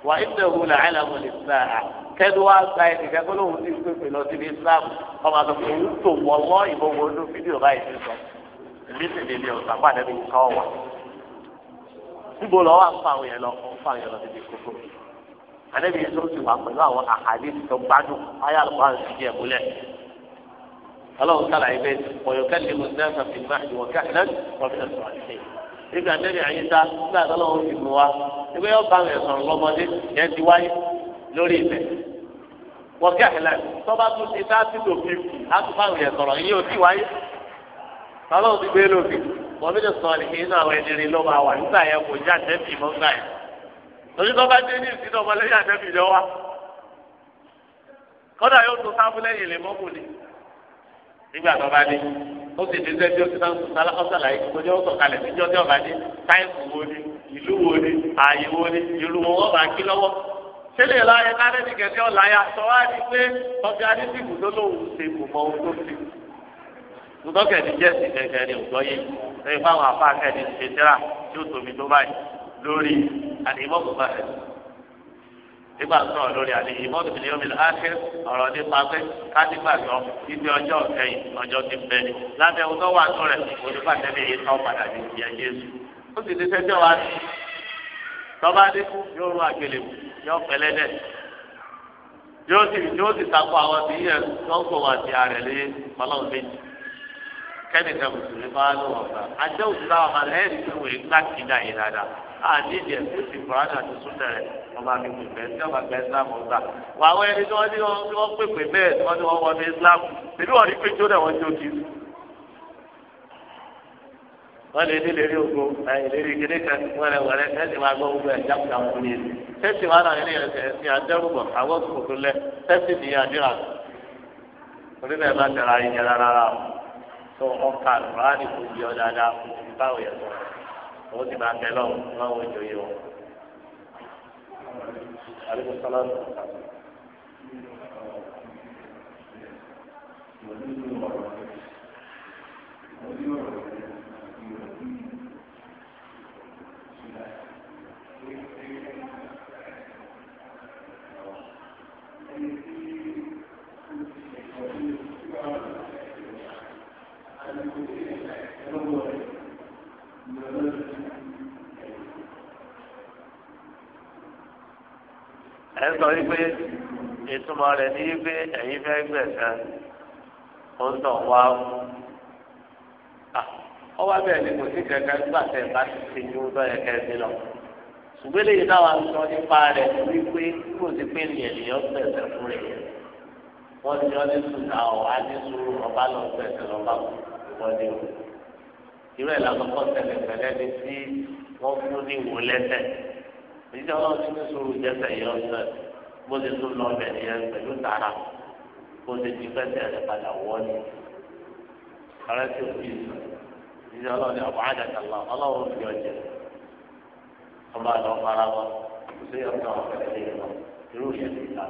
wà ìdè wù là àlàmù lè sà á kẹ́dù wá gba ẹnì kan gbólóhùn sí pépè lọ sí Islam ọmọ àtọkùn òun tó wọ ọwọ́ ìbọn wo ló fídíò báyìí ti sọ èmi sì lè lè ọ̀sà pàdé mi kọ́ wà. níbo lọ wà ń fa àwọn yẹn lọ ń fa àwọn yẹn lọ síbi kókó àdébìyẹn ti wà pẹ̀lú àwọn àhàdé tó gbádùn ayé àlùkò àti ìdí ẹ̀ ọlọ́run sára ibẹ̀ ọ̀yọ̀kẹ́ lè mú náà fi máa ṣe wọ́n káàkiri wọ́n fi sọ̀rọ̀ ṣe. ibi àtẹ́bí àyíká nígbà tó lọ́wọ́ fi mú wa ibi yóò bá rẹ̀ sọ̀rọ̀ lọ́mọdé yẹn ti wáyé lórí ibẹ̀. wọ́n káàkiri tọ́ba tún ti dá sí lòfin láti bá rẹ̀ sọ̀rọ̀ yìí ò tí wáyé. ọlọ́run ti gbé lòfin wọ́n fi sọ̀rọ̀ nìkan inú àwọn ẹni ló máa wà nígbà yẹn kò já tẹ́bí mọ́ nígbà yẹn. torí tọ́ba dé ní ìsìn náà ọmọlẹ́yìn àtẹ́bí lọ wa. kọ́dà yóò tún sáfúlẹ́yìn lè mọ́kùnrin nígbà tó bá dé ó sì dídé tí ó ti sáńsù sálákọ́sálà yìí kó jẹ́ ó sọ̀kalẹ̀ níjọ́ tí ọba dé táìpù wo ni ìlú wo ni ààyè wo ni ìlú wo wọ́n bá kí lọ́wọ́ sílẹ̀ láyé káre ní kẹ̀kẹ́ ọ̀láyà sọ wá ní pé ọjà ní tìbù tó lòun ṣe kò mọ ohun tó ti tutọ́kẹ̀ ní jẹ́sì kẹ̀kẹ́ ní ọ̀dọ́ yìí lẹ́yìn fáwọn afáàkẹ́ ní ṣètìlá tí ó tóbi tó báyìí lórí àdìmọ́kùnrin nígbà sọ̀rọ̀ lórí àlè ìmọ̀tò ìdílé omi láàṣẹ ọ̀rọ̀ nípa pé kádìgbàgbọ́ ibi ọjọ́ kẹyìn ọjọ́ ti bẹ ni lábẹ́ ohun tó wà tó rẹ̀ onípàtẹ́lẹ̀ yìí tán padà ní ìyẹn jésù ó sì ní sẹ́jọ́ wa ní tọ́ba dé yóò rún àgbèlè yóò pẹ́lẹ́ dẹ̀ yóò sì yóò sì takò àwọn tí yẹ lọ́gbọ̀n wa ti ààrẹ lé ọlọ́run méjì kẹ́nìkan mùsùlùmí bá lọ́wọ́ àdídìẹ kò sí kùránì àti súnà rẹ wọn bá fi pèpè tí wọn gba islam gbà wà àwọn ẹni tí wọn pèpè bẹ́ẹ̀ tí islam tèmi wọn ní pé jó wọn jó kí wọn lè ní rí ogo ẹ̀yìn lè rí kéde kan wẹrẹ wẹrẹ ẹsẹ máa gbọ́ gbogbo kúta àwọn kòkòrò lẹ bá tẹ̀ra yẹn rárá o tó ọkà rárá ni kò òun ti máa bẹ lọ́wọ́ lọ́wọ́ ìjòyè wọn. Thank you. ẹ sọ wípé ìtumọ̀ rẹ̀ ní wípé ẹ̀yin fẹ́ gbẹ̀sán ó ń tàn wá ó ọwọ́ abẹ́ ni kò sí kankan nígbà tẹ̀ bá ti ṣe ju ń lọ́yẹ̀ kẹ́sì lọ. ṣùgbọ́n eléyìí náà wà ń sọ nípa rẹ̀ wípé kúrò sí pé ènìyàn lèyàn gbẹ̀sẹ̀ fún rẹ̀. wọ́n ti ọ́ ní sùdà ọ̀ á sùúrù ọba lọ gbẹ̀sẹ̀ lọ́ba wọ́n ní o. irú ẹ̀ lásán tẹ̀lé pẹ̀lẹ́ ni tí wọ́n fún ní ìwò lẹ́sẹ̀ èyí tí ọlọ́run ti sòrò jẹ́sẹ̀ yìí ọ̀sẹ̀ bó ti tún lọ bẹ̀ yẹn pẹ̀lú tara bó ti di pẹ́sẹ̀ rẹ̀ padà wọ́ọ̀lì ọ̀rẹ́ tí fi sùn èyí tí ọlọ́run ní ọ̀pọ̀ àjàkà lọ ọlọ́run fi ọ̀jẹ̀ ọba àlọ́ fara wọn kò sí ọ̀sẹ̀ ọ̀fẹ́ lè lọ irú ìyẹn ti ta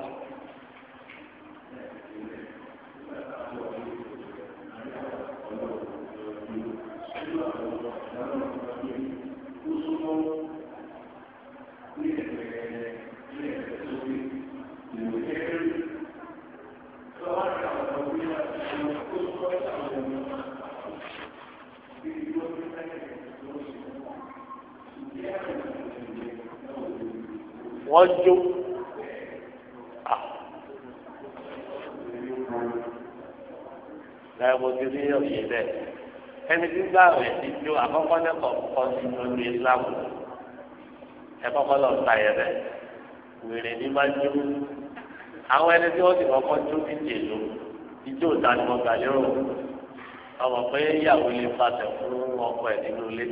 wọ́n jó. Ah. ẹ mo ti rí òye bẹ́ẹ̀ ẹni tí gbà rẹ̀ ti jó àkọ́kọ́ lẹ́kọ̀ọ́ kọ́ sí lórí Islam ẹ kọ́kọ́ lọ ta yẹn bẹ́ẹ̀ wèrè ní má jó àwọn ẹni tí wọ́n ti kọ́kọ́ jó ti jè ló ijó ta ni mo gbà lérò ọmọ pé ìyàwó lè fàtẹ̀ fún ọkọ ẹ̀ nínú ilé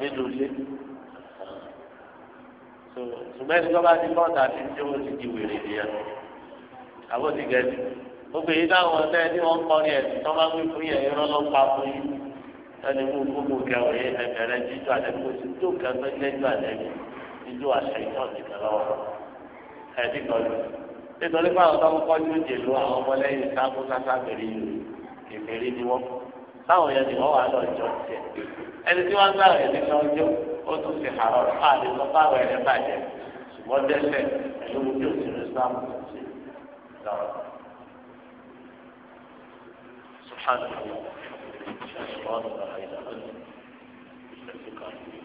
nínú ilé tó ṣùgbọ́n ẹni tó bá ti kọ́ ọ̀tà tí ó ti di wèrè nìyẹn àbó ti gẹ̀ẹ́sì gbogbo èyí táwọn ọ̀tẹ́ tí wọ́n kọ́ ni ẹ̀sìn tó máa ń gbé fún yẹn irọ́ ló pa fún yín ẹni mú gbogbo kẹwàá yẹn ẹ̀bẹ̀rẹ̀ jíjọ àtẹ̀kù sí tó kẹfẹ́ lẹ́jọ́ àtẹ̀kù jíjọ àṣẹ ìtọ́ nìkan lọ́wọ́ ẹ̀dí kan lọ. nítorí pé àwọn táwọn kọ́ ẹni tí wọ́n gbà rẹ̀ nínú ọjọ́ ó tún fi hàrọ̀ káàdì lọ bá rẹ̀ rẹ̀ bàjẹ́ ṣùgbọ́n dẹ́sẹ̀ ẹ̀lú ojú òṣèlú islam tó ṣe lọ́rọ̀. سبحانك اللهم وبحمدك اشهد ان لا اله الا انت استغفرك واتوب